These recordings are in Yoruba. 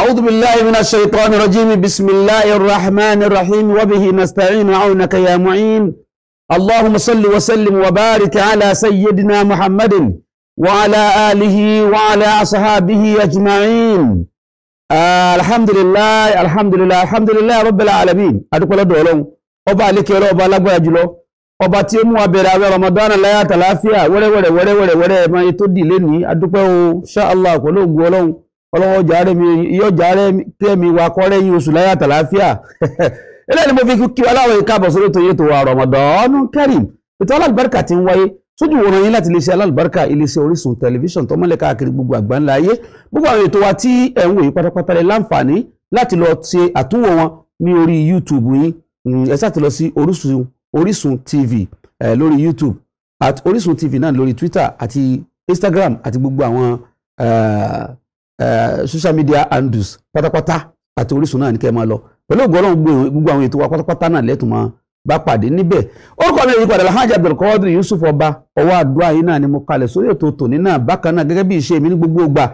أعوذ بالله من الشيطان الرجيم بسم الله الرحمن الرحيم وبه نستعين عونك يا معين اللهم صل وسلم وبارك على سيدنا محمد وعلى آله وعلى أصحابه أجمعين الحمد لله الحمد لله الحمد لله رب العالمين أدخل الدولون أبا لك يا رب لا جلو ọba tí ó mú wa bẹ̀rẹ̀ àwẹ̀ Ramadan láyàtà láàfíà wẹ́rẹ́wẹ́rẹ́ wẹ́rẹ́wẹ́rẹ́ wẹ́rẹ́ máa tó dì lẹ́ni adúpẹ́ o ọlọ́wọ́ jàre mi yóò jàre tẹ́mi wa kọ́rẹ́ yín oṣù láyà tàlàáfíà eléyìí ni mo fi kí aláwọ̀ yìí káàbọ̀ sórí ètò yìí tó wa Ramadan Kareem ètò alálùbáríkà ti ń wáyé sójú wòran yín láti iléeṣẹ́ alálùbáríkà iléeṣẹ́ Orísun tẹlifíṣàn tó mọ́lẹ̀ káàkiri gbogbo àgbáńlá ayé gbogbo àwọn ètò wa tí ẹ̀ ń wò yìí pátápátá lẹ láǹfààní láti lọ ṣe àtúnwò wọn ní orí YouTube yín hmm, ẹ sáà ti lọ sí Orísun Orísun TV lórí YouTube at Orísun TV náà lórí Twitter àti Instagram àti gbogbo àwọn social media handles pátápátá àti Orísun náà ní kẹ́ ẹ máa lọ pẹ̀lú ògùn ọlọ́run gbogbo àwọn ètò wa pátápátá náà lẹ́tùn máa bá pàdé níbẹ̀ orúkọ mi yìí padà Alhaji Abdulkadir Yusuf Ọba ọwọ́ àdúrà yìí náà ni mo kalẹ̀ sórí ètò tòní náà bákan náà gẹ́gẹ́ bí ìṣe mi ní gbogbo ògbà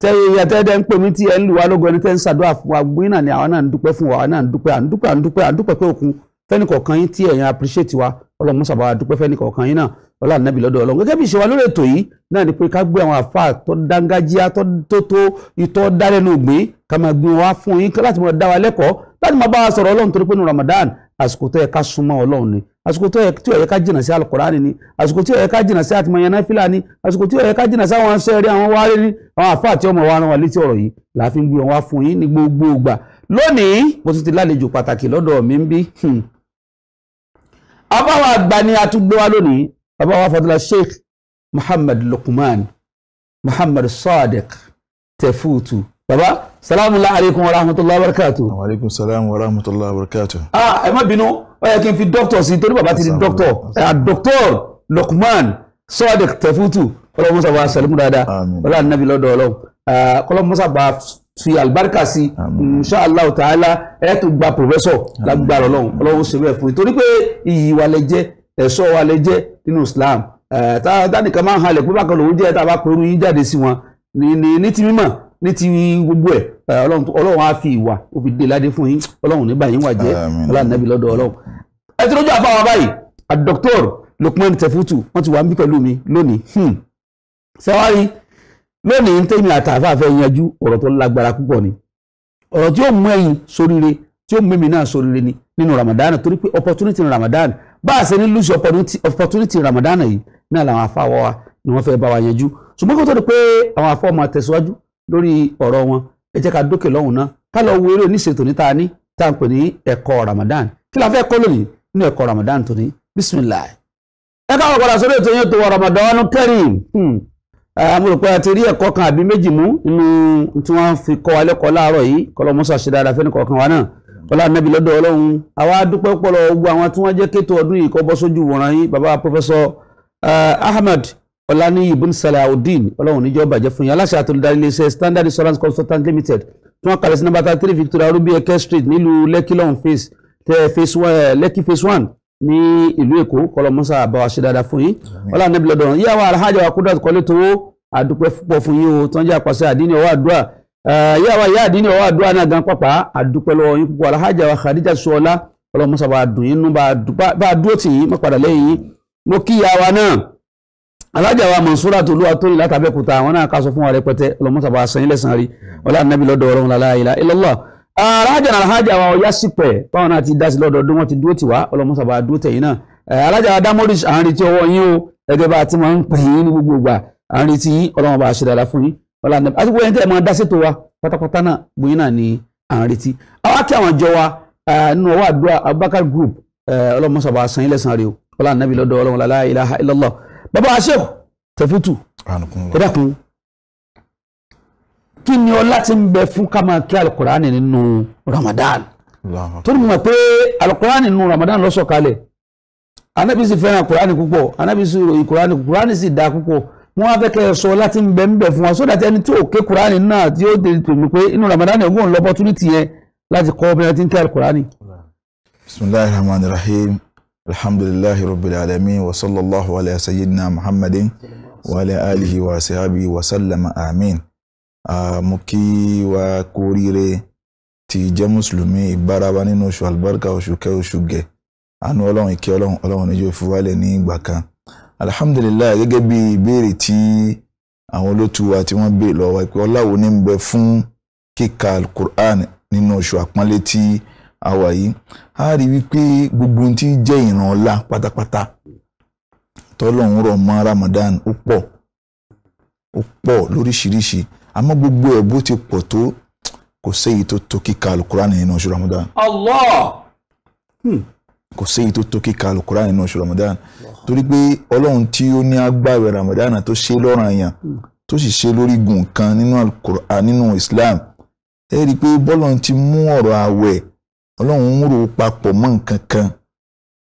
tẹ́yẹ tẹ́tẹ́ ń pè mí tí ẹ ń lù wá lógo ẹni tẹ́ ń ṣàdúrà fún wa gbóyìn náà ni àwa náà ń dúpẹ́ fún wa àwa náà ń dúpẹ́ à ń dúpẹ́ à ń dúpẹ́ à ń dúpẹ́ pé òkun fẹ́nìkọ̀ọ̀kan yín tí ẹ̀yin appreciate wa ọlọ́run mọ́sàbá dúpẹ́ fẹ́ nìkọ̀ọ̀kan yín náà ọlá ànábì lọ́dọ̀ ọlọ́run gẹ́gẹ́ bí ìṣe wa lórí ètò yìí náà ni pé ká gbé àwọn àfa tó dángájíá tó tó ìtọ́ dárẹ́nu gbìn ká máa gbin wá fún yín láti máa dá wa lẹ́kọ̀ọ́ láti máa bá wa sọ̀rọ̀ ọlọ́run torí pé nu Ramadan àsìkò tó yẹ ká súnmọ́ ọlọ́run ni àsìkò tó yẹ ká jìnnà sí alukurani ni àsìkò tí ó yẹ ká jìnnà sí àtìmọ̀yàn náfìlà ni àsìkò tí ó yẹ ká jìnnà sí àwọn aṣẹ́rí àwọn wárí ni àwọn àfa àti ọmọ wa rán wa létí ọ̀rọ̀ yìí làá fi ń gbé wọn fún yín ní gbogbo ìgbà lónìí mo tún ti lálejò pàtàkì lọ́dọ̀ mi ń bí hmm afáwọn àgbà ni a tún gbé wa lónìí bàbá wa fadúlá sheikh muhammad lukman muhammad sadiq tefutu bàbá salamu alaykum wa rahmatulahi wa barakatu. wa aleykum salaam wa rahmatulahi wa barakatu. ah ẹ má bínú ó yẹ kí n fi dókítà sí torí bàbá ti di dókítà ẹ dókítà lukman sadiq tefutu ọlọ́run musa bá salimu dáadáa ọlọ́run anabi lọ́dọ̀ ọlọ́run musa bá fi àlùbáríkà sí inṣàlá ta'ala ẹ tún gba pòfẹ́sọ̀ lágbára ọlọ́run ọlọ́run ṣe bẹ́ẹ̀ fún yín torí pé iyì wa lẹ jẹ́ ẹ̀ṣọ́ wa lẹ jẹ́ nínú Islam tánìkan máa ń halẹ̀ pé bákan lòun jẹ́ tá a bá pẹ̀lú yín jáde sí wọn ní ti mímọ̀ ní ti gbogbo ẹ̀ ọlọ́run á fi ìwà ó fi dé ládé fún yín ọlọ́run nígbà yín wà jẹ́ ọlọ́run lọ́dọ̀ ọlọ́run ẹ ti lójú àfáwọn báyìí lónìí tẹ́mi àtàfà fẹ́ yanjú ọ̀rọ̀ tó lágbára púpọ̀ ni ọ̀rọ̀ tí ó mú ẹ̀yin sóríire tí ó mú èmi náà sóríire ni nínú Ramadan torí pé opportunity ní Ramadan bá a ṣe ní lose opportunity Ramadan yìí náà làwọn afáwọ́ wa ni wọ́n fẹ́ bá wa yanjú ṣùgbọ́n kó tó di pé àwọn afọ́ máa tẹ̀síwájú lórí ọ̀rọ̀ wọn ẹ jẹ́ ká dókè lọ́hùn náà ká lọ wo eré oníṣètò níta ní tá à ń pè ní ẹ̀kọ́ Ramadan kí la fẹ́ kọ́ lónìí nínú ẹ̀kọ́ Ramadan tòní bisimilayi ẹ káwọn padà sórí ètò yẹn tó wà Ramadan Kareem hmm mo rò pé a ti rí ẹ̀kọ́ kan àbí méjì mú nínú tí wọ́n fi kọ́ wa lẹ́kọ̀ọ́ láàárọ̀ yìí kọ́lọ́mọ́sà ṣe dáadáa fẹ́ni kọ̀ọ̀kan wa náà ọlá nẹ́bí lọ́dọ̀ ọlọ́run àwa dúpẹ́ pọ̀lọ̀ ogun àwọn tí wọ́n jẹ́ kéto ọdún yìí kọ́ bọ́ sójú wòran yín bàbá pọfẹsọ Ahmed Ọláníyì ibn Salaudeen ọlọ́run níjọ́ bàjẹ́ fún yín aláṣẹ àtòlùdarí iléeṣẹ́ Standard Insurance Consultant Limited tí wọ́n kalẹ̀ sí nọ́mbà thirty Victoria Rubi Eke Street nílùú Lekki long face Lekki phase one ní ìlú èkó kọlọmọsá àbáwá ṣe dáadáa fún yín ọlá níbi lọ́dọ̀ yìí àwọn alhaja wa kúndà kọ́lé tówó àdúpẹ́ púpọ̀ fún yín o tán jẹ́ àpàṣẹ àdínní ọwọ́ àdúrà yìí àwọn ìyá àdínní ọwọ́ àdúrà náà gan pàpà àdúpẹ́ lọ́wọ́ yín púpọ̀ alhaja wa khadija sọlá kọlọmọsá bá dùn yín nú bá dúró tì yín mọ́padà lẹ́yìn yín mo kí ìyá wa náà alhaja wa mansura tó lúwa tóyìn látàbẹ́kúta àwọn náà kásọ fún wa rẹpẹtẹ kọlọmọsá alájà náà alájà wa ọ̀yá sípẹ̀ báwọn náà ti dá sí lọ́dọọdún wọn ti dúró tì wá ọlọ́mọsàbà dúró tẹ̀yìn náà alájà adámọ́rìṣ à ń retí ọwọ́ yín o gẹ́gẹ́ bá a ti máa ń pè yín ní gbogbo ìgbà à ń retí yín ọlọ́mọba àṣẹ dáadáa fún yín ọlọ́mọba àti gbogbo ẹni tẹ́ ẹ máa dá sétò wa pátápátá náà gbóyin náà ni à ń retí. àwa kí àwọn jọ wa nínú ọwọ́ àdúrà Abubakar group ọlọ́mọsàbà àṣàn yín lẹ́sàn-án rẹ o ọlọ́mọba àṣẹ kí ni ọlá tí ń bẹ fún ká máa kí alukurani nínú Ramadan torí mo mọ̀ pé alukurani nínú Ramadan ló sọ̀kalẹ̀ anabi sì fẹ́ràn kurani púpọ̀ anabi sì ròyìn kurani kurani sì dáa púpọ̀ wọ́n á fẹ́ kẹ́ ẹ sọ láti ń bẹ ń bẹ fún wa sódà tí ẹni tí ò ké kurani náà tí ó dé tòmí pé inú Ramadan yóò gbóhùn lọ́pọ̀ túnú tìyẹn láti kọ́ obìnrin tí ń kẹ́ alukurani. bisimilahi rahman rahim alhamdulilahi rabbil alamin wa sallallahu alayhi wa sayyidina muhammadin wa alayhi wa sahabi amin mo kí wa kú oríire tí jẹ́ mùsùlùmí ìbárawa nínú oṣù àlùbáríkà oṣù kẹ oṣù gẹ̀ àánú ọlọ́run ìkẹ́ ọlọ́run ọlọ́run níjó ìfowálẹ̀ ní ìgbà kan alhamdulilayi gẹ́gẹ́ bí ìbéèrè tí àwọn olótú wa tí wọ́n béè lọ́wọ́ pé ọlá wo ni ń bẹ fún kíka alukur'an nínú oṣù àpọ́nlé tí a wà yìí a rí wípé gbogbo ohun tí ń jẹ́ ìran ọlá pátápátá tọ́lọ́run rọ̀ mọ́ Ramadan ó pọ̀ ó pọ̀ lóríṣiríṣi àmọ́ gbogbo ẹ̀ bó ti pọ̀ tó kò séyìí tó tó kíka alukura nínú oṣù Ramadan. Allah. Hmm. kò séyìí tó tó kíka alukura nínú oṣù Ramadan torí pé ọlọ́run tí ó ní agbáwẹ̀ Ramadan tó ṣe lọ́ràn àyàn hmm. tó sì ṣe lórí gùn kan nínú alukurani nínú Islam ẹ rí i pé bọ́lọ̀ ti mú ọ̀rọ̀ àwẹ̀ ọlọ́run ń rò papọ̀ mọ́ nǹkan kan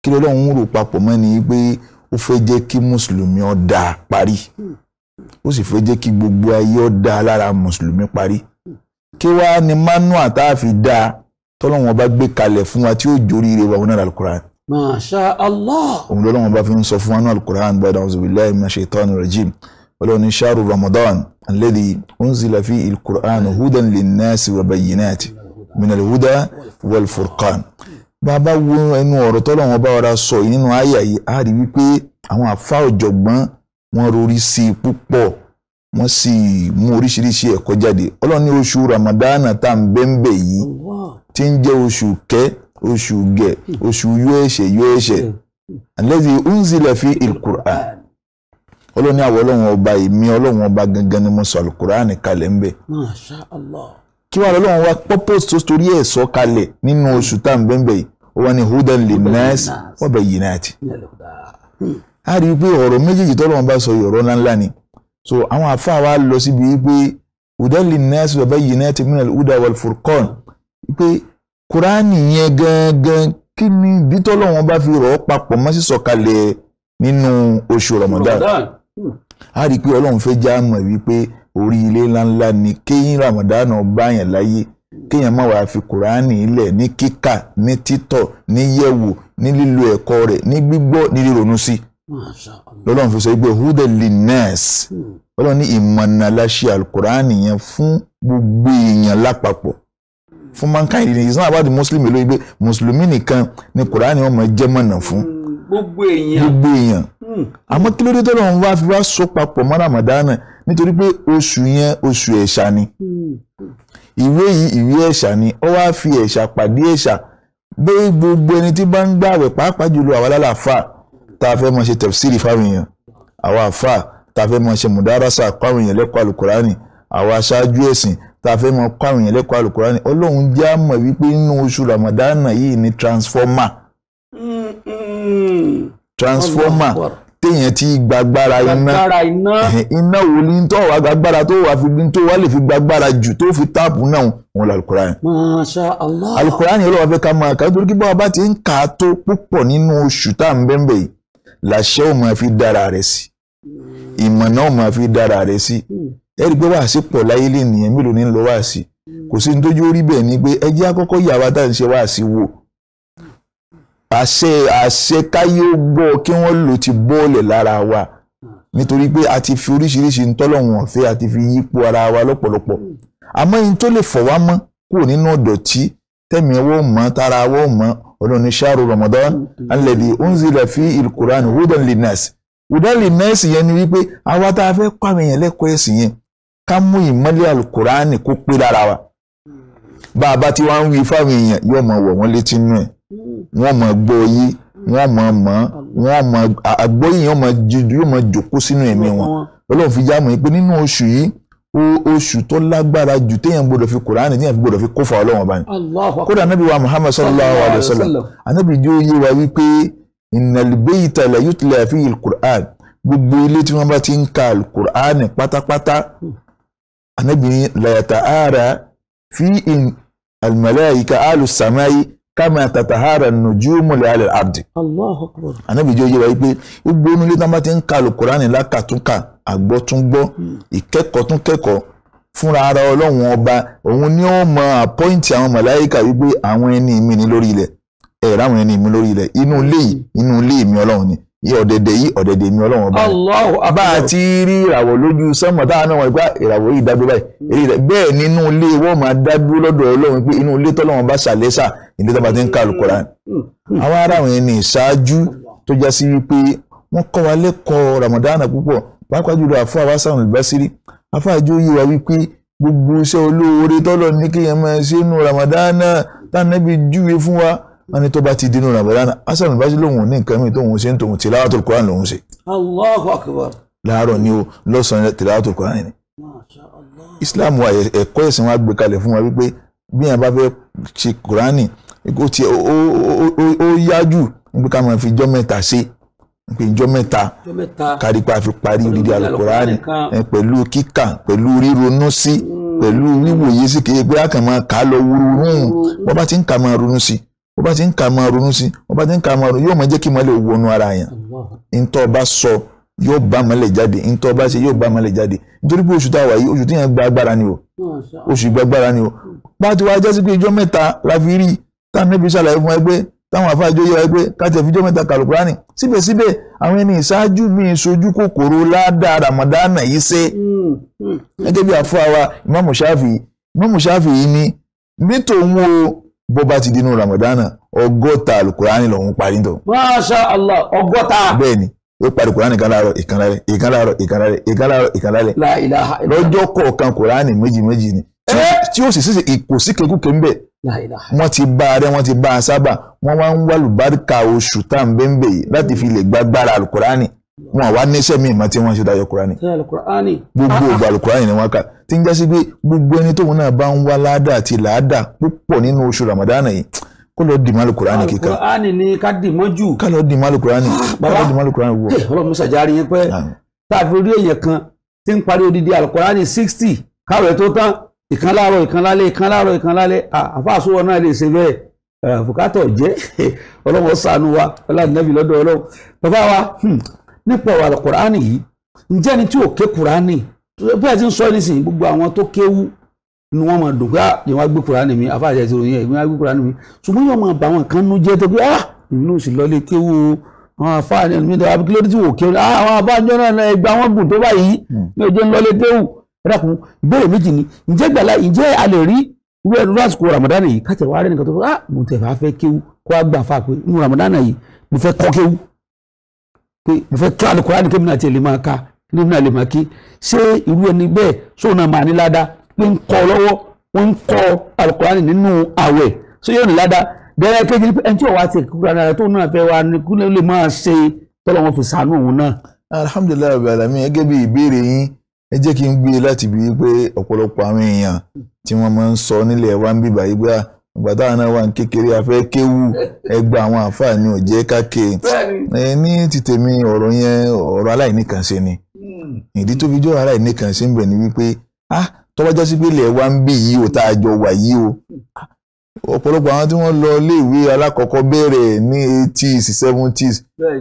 kí lọ́lọ́run ń rò papọ̀ mọ́ ni pé ó fẹ́ jẹ́ kí mùsùlùmí ó dáa parí. Hmm. ó sì fẹ́ jẹ́ kí gbogbo ayé ó dáa lára mùsùlùmí parí kí wàá ní manua tá a fi dáa tọ́lọ́wọ́n bá gbé kalẹ̀ fún wa tí ó jórí ire wa onára alukur'an. masha allah. òun lọ́lọ́wọ́n bá fi ń sọ fún wa ní alukur'an bá dàn zubi láì mina shaitan rajim wọ́n ní shahru ramadan alladhi unzila fi alukur'an hudan linnasi wa bayyinati minal huda wal furqan. bàbá wo ẹnu ọ̀rọ̀ tọ́lọ́wọ́n bá wàrà sọ wọ́n rorí sí i púpọ̀ wọ́n sì mú oríṣiríṣi ẹ̀kọ́ jáde ọlọ́run ní oṣù ramadana tá à ń bẹ́ńbẹ́ yìí tí ń jẹ́ oṣù kẹ́ oṣù gẹ̀ oṣù yóò ẹ̀ṣẹ̀ yóò ẹ̀ṣẹ̀ fi il-Qur'an ọlọ́run ní àwọ̀ ọlọ́run ọba èmi ọlọ́run ọba gangan ni mo sọ al-Qur'an kalẹ̀ ń bẹ̀. Masha Allah. kí wàá lọ́wọ́ wa purpose tó torí ẹ̀ sọ kalẹ̀ nínú oṣù tá à ń bẹ́ńbẹ́ yìí ó wà ní hudan lin-nas wa bayyinati a rí i pé ọ̀rọ̀ méjèèjì tọ́lọ́ wọn bá sọ ọ̀rọ̀ ńláńlá ni so àwọn àfáà wa lọ síbi pé udali nurse baba yìí náà ti minal uda wal furqan pé kuraani yẹn gangan kí ni dítọ́lọ́ wọn bá fi rọ̀ ọ́ papọ̀ mọ́ sí sọ̀kalẹ̀ nínú oṣù Ramadan hmm. a rí i pé ọlọ́run fẹ́ já mọ̀ wípé orí ilé ńláńlá ni kéyìn Ramadan báyàn láyé kéèyàn má wàá fi kùránì ilẹ̀ ní kíkà ní títọ̀ ní yẹ̀wò ní lílo ẹ̀kọ́ rẹ̀ ní gbígbọ́ ní ríronú sí. Si lọ́lọ́run fi sọ pé huda linnas hmm. ọlọ́run ní ìmọ̀nà aláṣẹ alukur'ani yẹn fún gbogbo èèyàn lápapọ̀ fún mankind ni it's not about the muslim lóyún pé mùsùlùmí nìkan ni kur'ani wọn máa jẹ́ mọ̀nà fún hmm. gbogbo èèyàn gbogbo èèyàn hmm. àmọ́ kí ló dé tọ́lọ́run wá fi wá so papọ̀ mọ́ ramadana nítorí pé oṣù yẹn oṣù ẹ̀ṣà ni ìwé yìí ìwé ẹ̀ṣà ni ó wá fi ẹ̀ṣà pàdé ẹ̀ṣà bẹ́ẹ̀ gbogbo ẹni tí bá ń gbààwẹ̀ pàápàá jùlọ àwa lálàáfáà tá a fẹ́ mọ ṣe tẹ̀fsíìrì fáwọn èèyàn àwa àfà tá a fẹ́ mọ ṣe mùdárasà kọ́àwọn èèyàn lẹ́kọ̀ọ́ àlùkùránì àwa aṣáájú ẹ̀sìn tá a fẹ́ mọ kọ́àwọn èèyàn lẹ́kọ̀ọ́ àlùkùránì ọlọ́run jẹ́ àmọ̀ wípé inú oṣù ramadana yìí ni transformer transformer téèyàn ti gbàgbára iná iná wo ni tó wà gbàgbára tó wà fi tó wà lè fi gbàgbára jù tó fi táàpù náà wọn lọ alukurani. masha allah alukurani ọlọ́wọ́ fẹ́ ká máa kà nítorí kí báwa bá ti ń kà á tó púpọ̀ nínú oṣù tá à ń bẹ́ẹ̀ bẹ́ẹ̀ yìí làṣẹ ò máa fi dára rẹ̀ sí ìmọ̀ náà máa fi dára rẹ̀ sí ẹ pé wàásì pọ̀ láyé lè nìyẹn mélòó ní lọ wàásì kò sí ní tójú orí bẹ́ẹ̀ ni pé ẹ jẹ́ àkọ́kọ́ yà wá tá à ń ṣe wàásì wò àṣẹ àṣẹ káyé ó gbọ́ kí wọ́n lò ti bọ́ọ̀lẹ̀ lára wa nítorí pé a ti fi oríṣiríṣi ntọ́lọ́wọ̀n ọ̀fẹ́ a ti fi yípo ara wa lọ́pọ̀lọpọ̀ àmọ́ yín tó lè fọ̀ wá mọ́ kúrò nínú ọ̀dọ̀tí tẹ̀mí wo mọ́ tára wo mọ́ olóòní ṣáàrù Ramadan alẹ́dì unzila fi il-Qur'an hudan linnas hudan linnas yẹn ni wípé àwa tá a fẹ́ kọ́ àwọn èèyàn lẹ́kọ̀ọ́ ẹ̀sìn yẹn ká mú ìmọ́lẹ̀ al-Qur'an kó pé lára wa bá a bá ti wá ń wí fáwọn èèyàn yóò mọ̀ wọ̀ wọ́n létí nú ẹ̀ wọ́n mọ̀ gbọ́ yí wọ́n mọ̀ mọ̀ wọ́n mọ̀ àgbọ́yìn yóò mọ̀ jòkó sínú ẹ̀mí wọn olóòfin jáàmù yìí pé nínú oṣù yìí oṣù tó lágbára jù téèyàn gbọ́dọ̀ fi kuraani téèyàn gbọ́dọ̀ fi kófà Ọlọ́run bá ní. kódà anabi wa muhammad sallallahu alayhi wa sallam anabi jẹ́ oyé wa wípé ìnàlùbẹ́yìtà la yutla fi alukur'an gbogbo ilé tí wọ́n bá ti ń ka alukur'an pátápátá anabi ní layata ara fi in almalayika alu samayi kama tatahara nujumu li alal ardi. anabi jẹ́ oyé wa wípé gbogbo onú tí wọ́n bá ti ń ka alukur'an lákàtúnkà àgbọ́túngbọ́ ìkẹ́kọ̀ọ́ tún kẹ́kọ̀ọ́ fúnra ara ọlọ́run ọba òun ni ó mọ àpọ́ìntì àwọn màláíkà wípé àwọn ẹni mi ni lórí ilẹ̀ ẹ̀ ráwọn ẹni mi lórí ilẹ̀ inú ilé yìí inú ilé mi ọlọ́run ni yí ọ̀dẹ̀dẹ̀ yí ọ̀dẹ̀dẹ̀ mi ọlọ́run ọba bá a ti rí ìràwọ̀ lójú sánmọ̀ táwọn náà wọ̀ pé ah, ìràwọ̀ yìí dádúró báyìí bẹ́ẹ̀ nínú ilé wọ́n máa dádúró lọ́dọ̀ ọlọ́run pé inú ilé tọ́lọ́run bá ṣàlẹ́sà ilé tó bá ti ń ka àlùkòrá àwọn ará àwọn ẹni ìṣáájú tó já sí wípé wọ́n kọ́ wa lẹ́kọ̀ọ́ Ramadan púpọ̀ pàápàá jùlọ àfọ àwásàn ìbásírí afáàjò yìí wá wípé gbogbo iṣẹ́ olóore tọ́lọ̀ ní kéèyàn máa ṣe nù ramadana tánàbí júwe fún wa wọn ni tó bá ti dínú ramadana hasan ìbásírí lòun ò ní nǹkan mi tóun ṣe ń tòun tilawatul Qur'an lòun ṣe. Allahu Akbar. láàárọ̀ ni o lọ́sàn-án tilawatul Qur'an ni. Islam wa ẹ̀kọ́ ẹ̀sìn wa gbé kalẹ̀ fún wa wípé bí yàn bá fẹ́ ṣe Qur'ani ó yájú nípa ká máa fi jọ́ mẹ́ta ṣe pé ìjọ mẹ́ta kárípa fi parí odidi alukurani pẹ̀lú kíkà pẹ̀lú ríronú sí hmm. pẹ̀lú wíwòye sí kéye pé a kàn máa kà á lọ wúrúwúrún bọ́n bá ti ń kà máa ronú sí bọ́n bá ti ń kà máa ronú sí bọ́n bá ti ń kà máa ronú yóò máa jẹ́ kí mọ́lẹ̀ wọnú ara yẹn ntọ́ bá sọ yóò bá mọ́lẹ̀ jáde ntọ́ bá ṣe yóò bá mọ́lẹ̀ jáde nítorí pé oṣù tá wà yìí oṣù tí yẹn gba agbára ni o oṣù gba agbára ni o pátí wàá jẹ́ sí pé ìjọ mẹ́ta la fi rí táwọn ẹbí ṣàlàyé fún ẹgbẹ́ táwọn afáàjọ yẹ ẹgbẹ́ káti ẹ̀fíjọ́ mẹ́ta kàlùkùránì síbẹ̀síbẹ̀ àwọn ẹni ìṣáájú mi sojú kòkòrò ládàá ramadana yìí ṣe gẹ́gẹ́ bí àfọ àwa ìmáàmù ṣáfì ìmáàmù ṣáfì yìí ni nítòun o bó bá ti dínú ramadana ọgọ́ta alukurani lòun parí tó. masha allah ọgọ́ta. bẹ́ẹ̀ni ó parí kurani kan láàárọ̀ ìkan lálẹ́ ìkan láàárọ̀ ìkan lálẹ́ ìkan láàárọ̀ ìkan lálẹ́. la kurani méjì méjì ni tí ó sì ṣe ìkò sí kékúké ń bẹ̀ wọ́n ti bá a rẹ́ wọ́n ti bá a sábà wọ́n wá ń wá lùbáríkà oṣù tá à ń bẹ́ ń bẹ̀ yìí láti fi lè gbàgbára alukurani wọn àwa níṣẹ́ míì mọ́ tí wọ́n ṣe dájọ́ kurani gbogbo ògbà alukurani ni wọ́n kà tí ń já sí pé gbogbo ẹni tóun náà bá ń wá ládàá àti làádàá púpọ̀ nínú oṣù Ramadan yìí kó lọ dì máa lukurani kíkà alukurani ni ká dì mọ́ jù ká lọ dì máa lukurani ká lọ dì máa lukurani wò. Eh, ọlọ́run musa jaari yẹn pẹ́ tá a fi orí èèyàn kan tí ń parí odidi alukurani sixty káwé tó tán ìkan láàárọ̀ ìkan lálẹ́ ìkan láàárọ̀ ìkan lálẹ́ àfàsúwọ̀ náà lè ṣe bẹ́ẹ̀ àfùkátọ̀ jẹ́ ọlọ́run ṣàánú wa ọlọ́dúnẹ́bí lọ́dọ̀ ọlọ́run bàbá wa hmm, nípa ọ̀rọ̀ àlùkùránì yìí ǹjẹ́ ni tí ò ké kùránì bí a ti ń sọ nísìnyí gbogbo àwọn tó kéwú ni wọ́n máa dùn pé ah ni wọ́n á gbé kùránì mi àfàṣẹ ti ròyìn ẹ̀ ni wọ́n á gbé kùránì mi ṣùgbọ́n yóò máa bá àwọn kan nú jẹ́ tó pé ah ìlú sì lọlé kéwú àwọn àfàṣẹ mi tó wà kí ló dé tí wò kéwú ah àwọn àfàṣẹ náà ẹgbẹ́ àwọn gùn tó báyìí hmm. mi ò jẹ́ ń lọlé kéwú ẹ dákun ìbéèrè méjì ni ǹjẹ́ gbàlá ǹjẹ́ a lè rí irú lásìkò Ramadan yìí káàtì wàá rẹ nìkan tó fẹ́ ah mo tẹ̀ fẹ́ kéwu kó a gbà fà pé inú Ramadan yìí mo fẹ́ kọ́ kéwu pé mo fẹ́ tó Al-Kùránì kémi náà tiẹ̀ lè máa ka kémi náà lè máa ké ṣé irú ẹni bẹ́ẹ̀ sóun náà máa ní ládàá pé ń kọ́ lọ́wọ́ wọ́n ń kọ́ Al-Kùránì nínú àwẹ̀ ṣé yóò ní ládàá bẹ́ẹ̀ kéjì ẹni tí ò wá ti ni kúlẹ̀ lè máa ṣe tọ́lọ́ wọn fi sànú òun náà ẹ jẹ́ kí n gbé e láti bí pé ọ̀pọ̀lọpọ̀ àwọn èèyàn tí wọ́n máa ń sọ nílẹ̀ wa ń bíbà yí pé ìgbà táwọn náà wà ní kékeré afẹ́ kéwú ẹgbẹ́ àwọn àǹfààní ò jẹ́ káke ní ti tèmi ọ̀rọ̀ yẹn ọ̀rọ̀ aláìníkànṣe ni hmm. ìdí tó fi jọ́ aláìníkànṣe ń bẹ̀ ni wípé ah tọ́wọ́ jásí pé ilẹ̀ wa ń bì yìí o tá a jọ wà yìí o ọ̀pọ̀lọpọ̀ àwọn tí wọ́n lọ iléèwé alákọ̀ọ́kọ́ bẹ̀rẹ̀ ní eighties seventies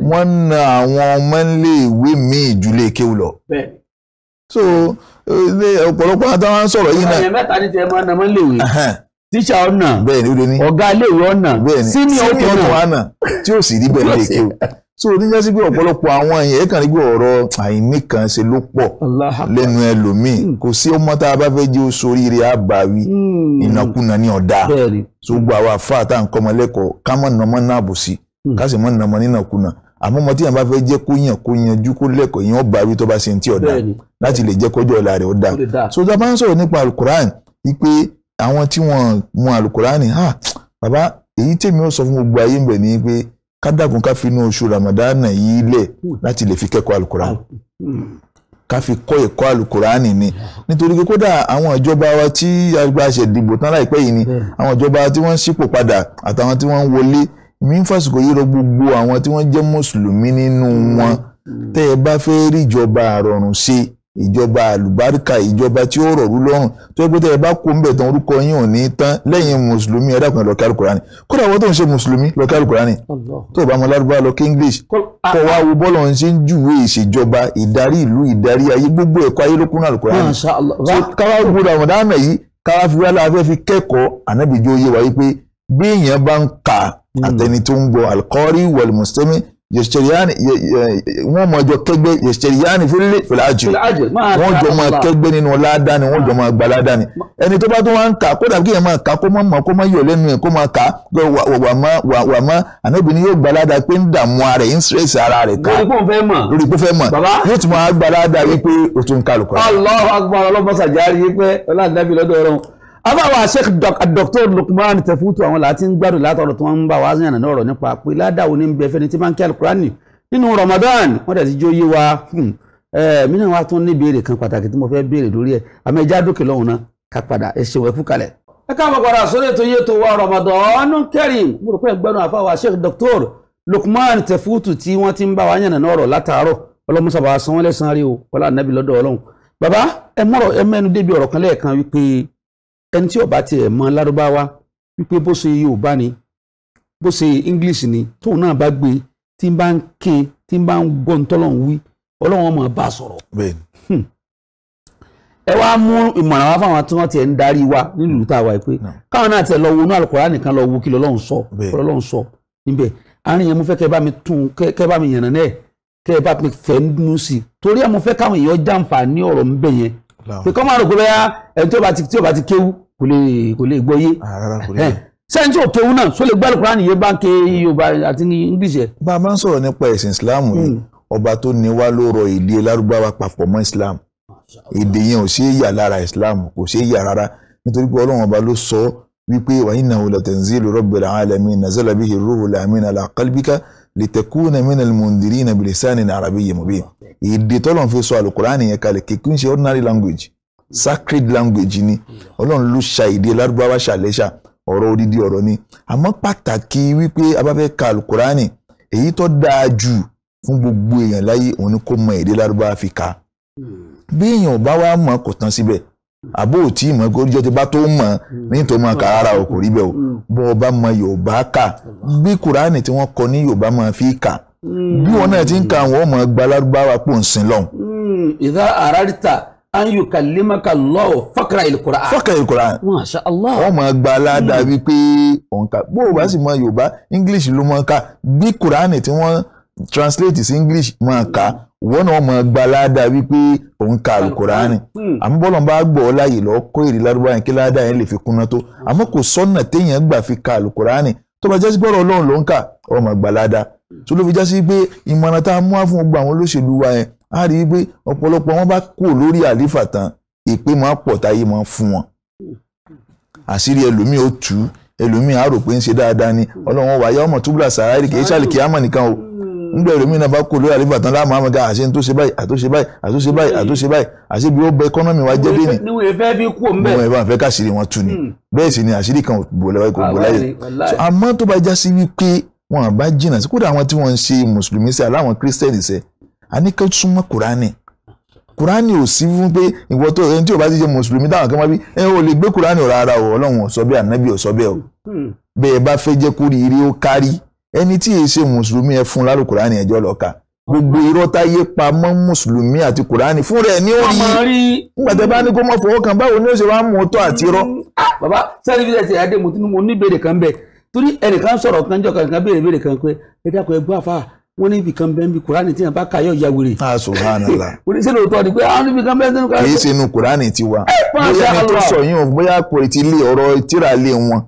wọ́n na àwọn ọmọ iléèwé míì ju ilé lọ. bẹ́ẹ̀ so ilé ọ̀pọ̀lọpọ̀ àwọn táwọn sọ̀rọ̀ yìí náà. ọ̀yàn mẹ́ta ní tiẹ̀ máa ń nàmọ́ léwe tíṣà ọ̀nà ọ̀gá léwe ọ̀nà sínú ọ̀nà tí ó sì rí bẹ́ẹ̀ lè kéwù so oníjà sí pé ọ̀pọ̀lọpọ̀ àwọn èèyàn kàn ní pé ọ̀rọ̀ àìní kan ṣe ló pọ̀ lẹ́nu ẹlòmíì hmm. kò sí ọmọ tá a bá fẹ́ jẹ́ oṣù oríire àbáwí hmm. ìnákúnà ní ọ̀dà so gbogbo àwọn àfáà tá à ń kọ́ ọmọ lẹ́kọ̀ọ́ ká mọ̀ nàmọ́ náà bò sí hmm. ká sì mọ̀ nàmọ́ nínàkúnà àmọ́ ọmọ tíyàn bá fẹ́ jẹ́ kó yàn kó yanjú kó lẹ́kọ̀ọ́ yẹn ó bá wí tó bá ṣe ti ọ̀dà láti lè jẹ́ kọjọ́ ọ̀la rẹ̀ ó dà so a bá ń sọ̀rọ̀ nípa alukurani wípé àwọn tí wọ́n mú alukurani ha ah, bàbá èyí tèmi ó sọ fún gbogbo ayé ń bẹ̀ ni pé kádàkùn ká fi inú oṣù ramadana yìí lẹ̀ láti lè fi kẹ́kọ̀ọ́ alukurani ká fi kọ́ ẹ̀kọ́ alukurani ni nítorí pé kódà àwọn ìjọba wa tí agbáṣẹ̀ dìbò tán láìpẹ́ yìí ni àwọn ìjọba tí wọ́n ń sípò padà àtàwọn tí wọ́n ń wọlé mi ń fàsìkò yìí rọ gbogbo àwọn tí wọ́n jẹ́ mùsùlùmí nínú wọn tẹ́ ẹ bá fẹ́ rí ìjọba àrọ̀rùn ṣe ìjọba àlùbáríkà ìjọba tí ó rọ̀rú lọ́rùn tó yẹ pé tẹ́ ẹ bá kó ń bẹ̀ tán orúkọ yín ò ní tán lẹ́yìn mùsùlùmí ẹ dákun lọ́ọ́ kí alukurani kódà wọ́n tó ń ṣe mùsùlùmí lọ́ọ́ kí alukurani tó o bá mọ lárúbá lọ english kọ́ wa wo bọ́ọ̀lù ọ̀hún ṣe ń júwe ìṣèjọba ìdarí ìlú ìdarí ayé gbogbo ẹ̀kọ́ ayé ló kún alukurani káwá gbúdọ̀ àwọn dáhùn Hmm. àtẹni tó ń gbọ́ alkọ́rí wẹ̀lmùsítẹ́mì yẹsẹ̀ríyáni wọ́n mọ̀ jọ kẹ́gbẹ́ yẹsẹ̀ríyáni fílẹ̀ fìlàjì wọ́n jọ máa kẹ́gbẹ́ nínú ládàá ni wọ́n jọ máa gba ládàá ni ẹni tó bá tó wá ń kà kódà kí yẹn máa kà kó máa mọ̀ kó máa yọ̀ lẹ́nu yẹn kó máa kà wà má wà má ànábìnrin yóò gba ládàá pé ń dààmú ara rẹ̀ ń sírẹ̀sì ara rẹ̀ ká lórí kó fẹ́ mọ̀ yóò tún máa gba ládàá wípé o tún kálukọ. Allahu akbar afáwà sheikh dr lukman tefutu àwọn láti ń gbádùn látọ̀rọ̀ tí wọ́n ń bá wa yànnà náà ọ̀rọ̀ nípa pé ládàwọ̀ ní bẹ́ẹ̀ fẹ́ni tí máa ń kí alukurani nínú ramadan wọ́n dẹ̀ ti jó yé wa mí hmm. eh, náà wá tún ní ìbéèrè kan pàtàkì tí mo fẹ́ béèrè lórí ẹ̀ àmọ́ ẹja dókè lọ́hùn náà ká padà ẹ ṣe wẹ́kú kalẹ̀. ẹ káàmọ̀ padà sórí ètò yìí tó wa ramadan kareem mo rò pé ẹgbẹ́nu afáwà sheikh dr lukman tefutu tí wọ́n ti ń bá wa yànnà náà ọ̀rọ̀ látàárọ̀ ọlọ́mọsàbà sanwó-ẹlẹ́sàn-án rí o ọlá nàbì ẹni tí ó bá tiẹ̀ mọ lárúbáwá wípé bó ṣe yorùbá ni bó ṣe english ni tóun náà bá gbé tí n bá ń ké tí n bá ń gbọ́ ntọ́lọ́hún wí ọlọ́wọ́n mọ̀ bá sọ̀rọ̀. Hmm. ẹ wá mú ìmọ̀ràn wá fáwọn tí wọ́n tiẹ̀ ń darí wa nílùú hmm. tá a wà yìí pé káwọn náà tiẹ̀ lọ wo inú àlùkòrá nìkan lọ wo kí lọ́lọ́hún sọ lọ́lọ́hún sọ níbẹ̀ àárín yẹn mo fẹ́ kẹ́ bá mi tún kẹ́ bá mi yànnà náà kẹ́ bá mi fẹ́ nínú sí torí ẹ mo fẹ́ káwọn èèyàn jàǹfààní ọ̀rọ̀ ń yẹn pé kọ́ máa rò pé bẹ́yà tí ó bá ti kéwú kò lè kò lè gbọ́ yé sẹ́ńtì òkèwú náà só lè gbọ́dọ̀ kúránì yé báńkì yorùbá àti english ẹ̀. bá a máa ń sọ̀rọ̀ nípa ẹ̀sìn islam yìí hmm. ọba tó ní wá ló rọ èdè lárúbáwá papọ̀ mọ́ islam èdè yẹn ò ṣeé yà lára islam kò ṣeé yà rárá nítorí pé ọlọ́run ọba ló sọ wípé wa innahu latanzilu rabbil alamin nazala bihi ruhul amin ala qalbika litakuna minal mundirina bilisanin arabiyyin sacred language ni ọlọ́run ló ṣa èdè lárúbáwá ṣàlẹ́ṣà ọ̀rọ̀ odidi ọ̀rọ̀ ni àmọ́ pàtàkì wípé a bá fẹ́ ka alukurani èyí tó dáa jù fún gbogbo èèyàn láyé òun ni kó mọ èdè lárúbáwá fi ka hmm. bí èèyàn ò bá wá mọ̀ kò tán síbẹ̀ àbó ò tí ì mọ̀ kórìjọ́ ti bá tó mọ̀ hmm. ní tó máa kà rárá o kò rí bẹ́ẹ̀ o hmm. bọ́ ọba mọ yorùbá kà bí kuraani tí wọ́n kọ ní yorùbá máa fi kà bí wọn náà ti ń ka àwọn ọmọ gba lárúbáwá pò ń sin lọ́hùn. ìdá àràrìtà an yu kalimaka lọ́wọ́ fakara ìlúkura. fakara ìlúkura. masha allah. wọ́n máa gba aládàá hmm. wípé òǹkà bó o bá sì mọ yorùbá english ló máa ka bí kuraani tí wọ́n translate sí english máa ka wọ́n náà máa gba aládàá wípé òǹkà alukuraani. Hmm. àmọ́ bọ́lá ń bá gbọ́ ọ láàyè lọ kó èrè lárúbáyà kí ládàá yẹn lè fi kúnná tó hmm. àmọ́ kò sọ́nà téèyàn gbà fi ka alukuraani tó bá jásí bọ́ọ̀rọ̀ ọlọ́run ló ń kà ọ máa gba aládàá tó ló fi jásí pé ìmọ̀ràn tá a mú wá fún gbogbo àwọn wa yẹn a rí i pé ọ̀pọ̀lọpọ̀ wọn bá kò lórí àlífà tán èpè máa pọ̀ táyé máa fún wọn àṣírí ẹlòmíì ó tú ẹlòmíì á rò pé ń ṣe dáadáa ni ọlọ́run wàá yá ọmọ túbúlà sàárì kì í ṣàlìkì àmọ̀ nìkan o nígbà ẹlòmíì náà bá kò lórí àlífà tán láàmú àmọ̀gá àṣẹ tó ṣe báyìí àtúnṣe báyìí àtúnṣe báyìí àtúnṣe báyìí àṣẹ bí ó bẹ ẹkọ́nọ́mì wa jẹ́ bẹ́ẹ̀ ni níwèé fẹ́ fi kú òun bẹ́ẹ̀ ni hmm. bẹ́ẹ̀ ni àṣírí kan bò lẹ́wọ́ kò bò láyè àmọ́ tó bá já sí wípé wọn àbá jìnnà sí kódà àwọn tí wọ́n ń a ní kí ó súnmọ́ kùránì kùránì ò sí fún pé ìwọ tó ẹni tí ò bá ti jẹ mùsùlùmí táwọn kan máa bí ẹ ò lè gbé kùránì ò rárá o ọlọ́run ò sọ bẹ́ẹ̀ ànábì bẹ́ẹ̀ o hmm. bẹ́ẹ̀ bá fẹ́ jẹ́ kúrì ire ó kárí ẹni tí èsè mùsùlùmí ẹ fún lálù kùránì ẹjọ́ lọ gbogbo irọ́ táyé pa mọ́ mùsùlùmí àti kùránì fún rẹ̀ ní orí nígbà bá ní kó mọ́ fọwọ́ kan báwo ni ó ṣe wá mú ọtọ́ àti irọ́. Ah, bàbá sáré fíjẹ ṣe adé mo ní ìbéèrè kan bẹ torí ẹnìkan sọ̀rọ̀ kan jọ kan kan béèrè béèrè kan pé ẹ dákun ẹ gbọ́ àfà wọ́n ní ibìkan bẹ́ẹ̀ bí kùránì tí yàn bá kà yọ̀ ya wèrè. a ah, subhanallah. oníṣẹ́ lóòótọ́ ni pé àwọn ah, ibìkan bẹ́ẹ̀ nínú kùránì. kì í ṣe inú kùránì tiwa. bóyá ni tó sọ yín o bóyá kò tí ilé ọ̀rọ̀ tíra lé wọn.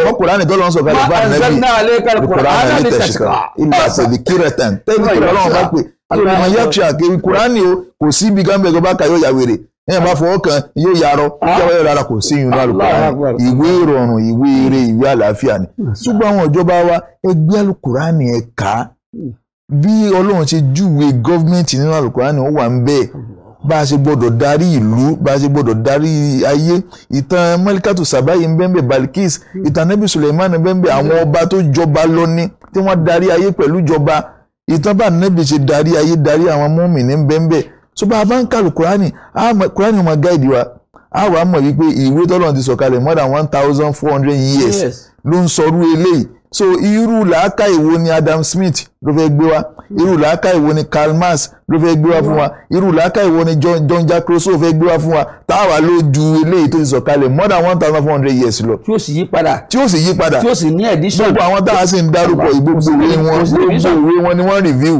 ọmọ kùránì tó lọ sọ kalẹ̀ bá nàbí kùránì ní tẹ̀síkà ilà sẹ̀dí kírẹ̀tàn tẹ́lẹ̀ kùránì bá pè àlùmọ̀ yàtúyà kiri kùránì o kò sí ibìkan bẹ́ẹ̀ tó bá kà yọ̀ ya wèrè ẹ̀yìn bá fọwọ́ kan yóò yarọ ah. yóò yarọ rárá kò sí ìyún lálùkùránì ìwé ìrọ̀rùn ìwé eré ìwé àlàáfíà ni ṣùgbọ́n àwọn ìjọba wa ẹgbẹ́ àlùkùránì ẹ̀ka bí ọlọ́run ṣe júwe gọ́fìmẹ̀ntì nínú àlùkùránì ó wà ń bẹ́ẹ̀ bá a ṣe gbọ́dọ̀ darí ìlú bá a ṣe gbọ́dọ̀ darí ayé ìtàn mẹ́líkàtù sàbáyé ń bẹ́ẹ̀ balikis ìtàn nẹ́bí suleiman bẹ́ẹ̀ àwọn ọba tó jọba lọ ni tí wọ́n darí ayé pẹ̀lú jọba ìtàn bá nẹ́bí ṣe darí ayé darí àwọn mọ́mìnì bẹ́ẹ̀ tó bá a bá ń ka àlùkùránì kùránì ó gáìdì wa a wàá mọ̀ wípé ìwé tọ́lọ́run ti sọ̀kalẹ̀ more than one thousand four hundred years ló ń sọrú eléyìí so irú làákà ìwo ni Adam Smith ló fẹ́ gbé wa irú làákà ìwo ni Karl Marx ló fẹ́ gbé wa fún wa irú làákà ìwo ni John John Jack Rousseau fẹ́ gbé wa fún wa táwa ló ju eléyìí tó ti sọ̀kalẹ̀ more than one thousand four hundred years lọ. tí ó sì yí padà tí ó sì yí padà tí ó sì ní edition gbogbo àwọn táwa sì ń dárúkọ gbogbo ìwé wọn gbogbo ìwé wọn ni wọ́n review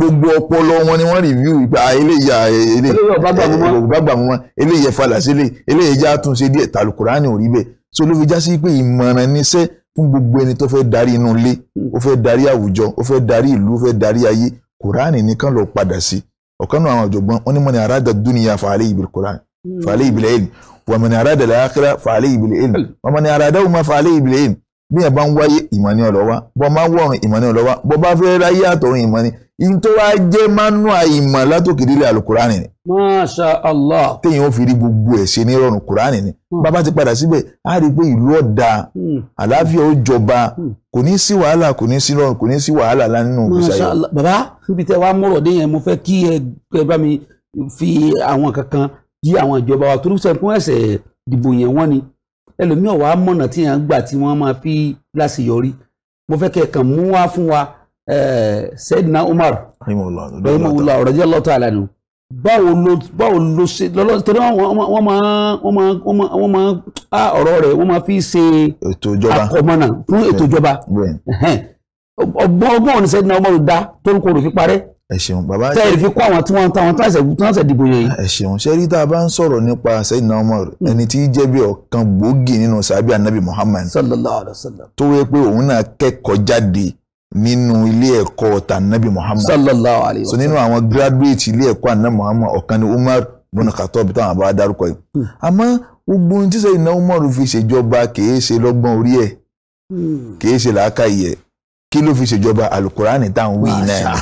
gbogbo ọpọlọ wọn ni wọ́n review ìgbà eléyà eléyà bàgbà mọ́ eléyà tún ṣe díẹ̀ tàlùkùránì ò rí bẹ́ẹ̀ so ló fi já sí pé ìmọ̀ràn níṣẹ́ fún gbogbo ẹni tó fẹ́ darí inú ilé ó fẹ́ darí àwùjọ ó fẹ́ darí ìlú ó fẹ́ darí ayé kùránì nìkan lọ padà sí ọ̀kan náà àwọn ọ̀jọ̀gbọ́n wọn ni mọ̀ ní aráda dúnìyà fàálẹ̀ ìbìlì kùránì fàálẹ̀ ìbìlì ẹ̀lì wọ́n mọ̀ aráda làákírà fàálẹ̀ ìbìlì ẹ̀lì wọ́n mọ̀ aráda ọmọ fàálẹ̀ ìbìlì ẹ̀lì bí ẹ bá ń wáyé ìmọ̀ ní ọ̀lọ́wá bọ́ máa ń wọ̀rùn ìmọ̀ ní ọ̀lọ́wá bọ́ bá fẹ́ ráyé àtọ̀run ìmọ̀ ní tó wá jẹ́ mánúà ìmọ̀ látòkèdélé àlùkùránì ni. Masha Allah. téèyàn ó fi rí gbogbo ẹ̀ ṣe ní ìrọ̀rùn kùránì ni bàbá hmm. ti padà síbẹ̀ á rí i pé ìlú ọ̀dà hmm. àlàáfíà ó jọba hmm. kò ní sí wàhálà kò ní sí rọrùn kò ní sí wàhálà nínú Masha mi fi àwọn kankan yí àwọn ìjọba wa torí sẹ́kún ẹ̀sẹ̀ ìdìbò yẹn ẹlòmíì ọ̀wá mọ̀nà tí yàn gbà tí wọ́n máa fi láṣeyọrí mo fẹ́ kẹ́ kàn mú wá fún wa Sayyidina Umar rahimahullah radiyallahu ta'ala anhu báwo ló báwo ló ṣe lọ́lọ́ torí wọ́n máa wọ́n máa wọ́n máa á ọ̀rọ̀ rẹ̀ wọ́n máa fi ṣe akọ̀mọ̀nà fún ètò ìjọba ọgbọ́n ọgbọ́n ọ̀nìṣẹ́ ní ọmọ rẹ̀ torí kò rò fi parẹ́ ẹ ṣeun bàbá tẹ ẹ fi kó àwọn tí wọn ń ta àwọn tí wọn ṣe dìbò yẹn. ẹ ṣeun ṣẹ́rí tá a bá ń sọ̀rọ̀ nípa Sayyidina Umar hmm. ẹni tí í jẹ́ bí ọ̀kan gbòógì nínú sàbí anabi Muhammad sallallahu alaihi wasallam tó wẹ́ pé òun náà kẹ́kọ̀ọ́ jáde nínú ilé ẹ̀kọ́ ta anabi Muhammad sallallahu alaihi wasallam so nínú àwọn graduate ilé ẹ̀kọ́ anabi Muhammad ọ̀kan ni Umar bọ́nà kàtọ́ bí táwọn àbá dárúkọ yìí hmm. àmọ́ gbogbo ohun tí Sayyidina Umar fi ṣèjọba kì í ṣe lọ́gbọ́n orí ẹ̀ hmm. kì í ṣe kí ló fi ṣèjọba alukurani tá à ń wí náà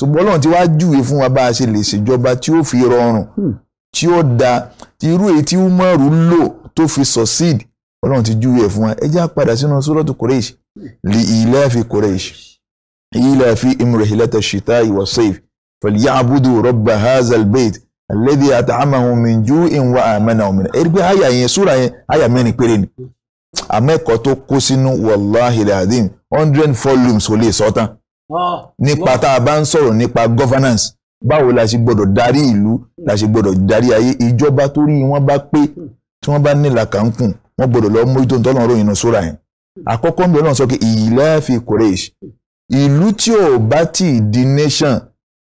ṣùgbọ́n ọlọ́run ti wá júwe fún wa bá a ṣe lè ṣèjọba tí ó fi rọrùn hmm. tí ó da tí irú èyí tí umaru lò tó fi succeed ọlọ́run ti júwe ẹ̀ fún wa ẹ já padà sínú sọ́lọ́tù kureish li ilẹ̀ fi kureish ilẹ̀ fi imrehilata shita iwa saif falyabudu rọba hazal bait alẹ́dẹ̀ àtàmàhùn min ju ìwà àmàna òmìnira ẹ̀rí pé àyà yẹn súra yẹn àyà mẹ́rin péré ni àmẹ́kọ̀ọ́ tó kó sínú wàláhì làdín hundred volumes kò lè sọ tán ah, nípa tá a bá ń sọ̀rọ̀ nípa governance báwo la ṣe gbọ́dọ̀ darí ìlú la ṣe gbọ́dọ̀ darí ayé ìjọba torí wọ́n bá pé tí wọ́n bá nílà kàńkùn wọ́n gbọ́dọ̀ lọ mójútó nítorí ọ̀rọ̀ yìí sóra yẹn àkọ́kọ́ ń bẹ náà sọ pé ìyìlẹ́ fi Quraysh ìlú tí ò bá tí ì di nation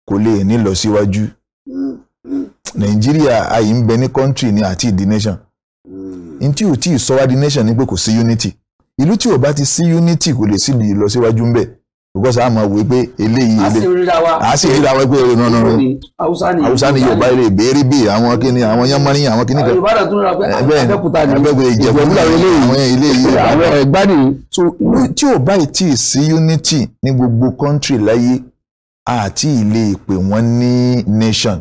kò lè ní lọ síwájú hmm, hmm. Nàìjíríà ayé ń bẹ ní country ní àti ìdí nation n tí ò tí ì sọ wá di nation ni pé kò sí unity ìlú tí ò bá ti sí unity kò lè sí di ìlọsíwájú ń bẹ̀ because a máa wí pé eléyìí ilé a sì ríra wa pé no no no Hausa ni Yorùbá ilé ìbéèrè bí àwọn kíni àwọn yánmọ́rin àwọn kíni kan eh, bẹ́ẹ̀ abẹ́gbẹ́ Ìjẹ̀bú àwọn eléyìí àwọn ẹ̀gbádìí tí ò bá ì tí ì sí unity ní gbogbo country láyé àti ilé ìpè wọn ní nation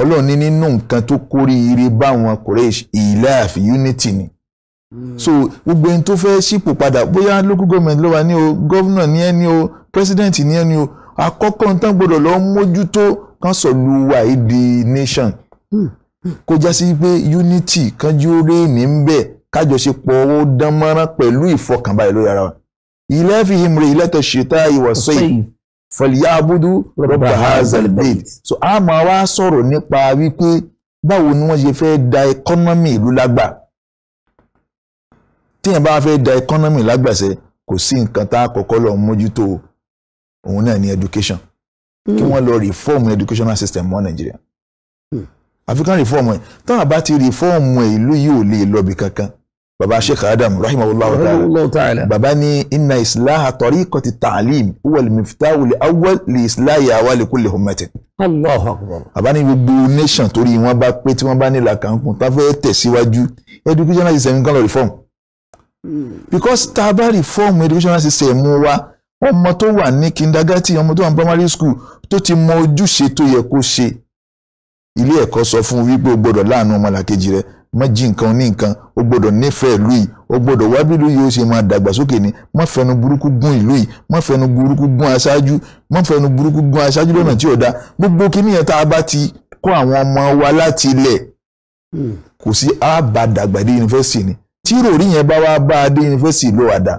ọlọ́run ní nínú nǹkan tó kóríire báwọn Quraysh ìlà àfi unity ni. Hmm. so gbogbo ẹni tó fẹ́ ṣípò padà bóyá local government ló wà ní o gọ́vnà ní ẹni o president ní ẹni o àkọ́kọ́ nǹkan gbọ́dọ̀ lọ mójútó kan sọ̀lù wa èdè nation. Hmm. Hmm. kó já sí pé unity kanjú réèní ń bẹ̀ kájọṣepọ̀ ó dán mọ́rán pẹ̀lú ìfọkànbalẹ̀ lórí ara wa. ìlà himre ìlẹ́tọ̀ ṣètà ìwàsọ yìí fọlíyàbùdù rọba hazal bait so a máa wá sọ̀rọ̀ nípa wípé báwo ni wọ́n ṣe fẹ́ da ẹkọ́nọ́mì ìlú lágbà tíyẹn bá fẹ́ da ẹkọ́nọ́mì lágbàṣẹ kò sí nǹkan tá a kọ́kọ́ lọ mójútó òun náà ní education kí hmm. wọ́n lọ reform educational system mọ́ Nàìjíríà African hmm. reform ẹ̀ táwọn bá ti reform ẹ̀ ìlú yìí ò lè lọ bí kankan baba sheikh adam rahimahullah ta'ala baba ni inna islaha tariqati ta'lim huwa al-miftahu al-awwal li islahi awali kulli ummatin. allahu akbar. baba ni gbogbo nation torí wọn bá pé tí wọn bá ní làkànkùn tá a fẹ́ tẹ̀síwájú educational system kan lọ reform. Hmm. because tá a bá reform educational system wa ọmọ tó wà ní kindergarten ọmọ tó wà ní primary school tó ti mọ ojúṣe tó yẹ kó ṣe ilé ẹ̀kọ́ sọ fún wípé o gbọ́dọ̀ láàánú ọmọlàkejì rẹ̀ má jí nǹkan ní nǹkan o gbọ́dọ̀ nífẹ̀ẹ́ ìlú yìí o gbọ́dọ̀ wá bí ìlú yìí ó ṣe máa dàgbàsókè ni má fẹnu burúkú gún ìlú yìí má fẹnu burúkú gún aṣáájú má fẹnu burúkú gún aṣáájú lọ́nà tí ò da gbogbo kíníyàn tá a bá ti kọ́ àwọn ọmọ wa láti ilẹ̀ hmm. kò sí àbàdàgbà dé yunifásitì ni tí ròrí yẹn bá wá bá a dé yunifásitì ló wà dá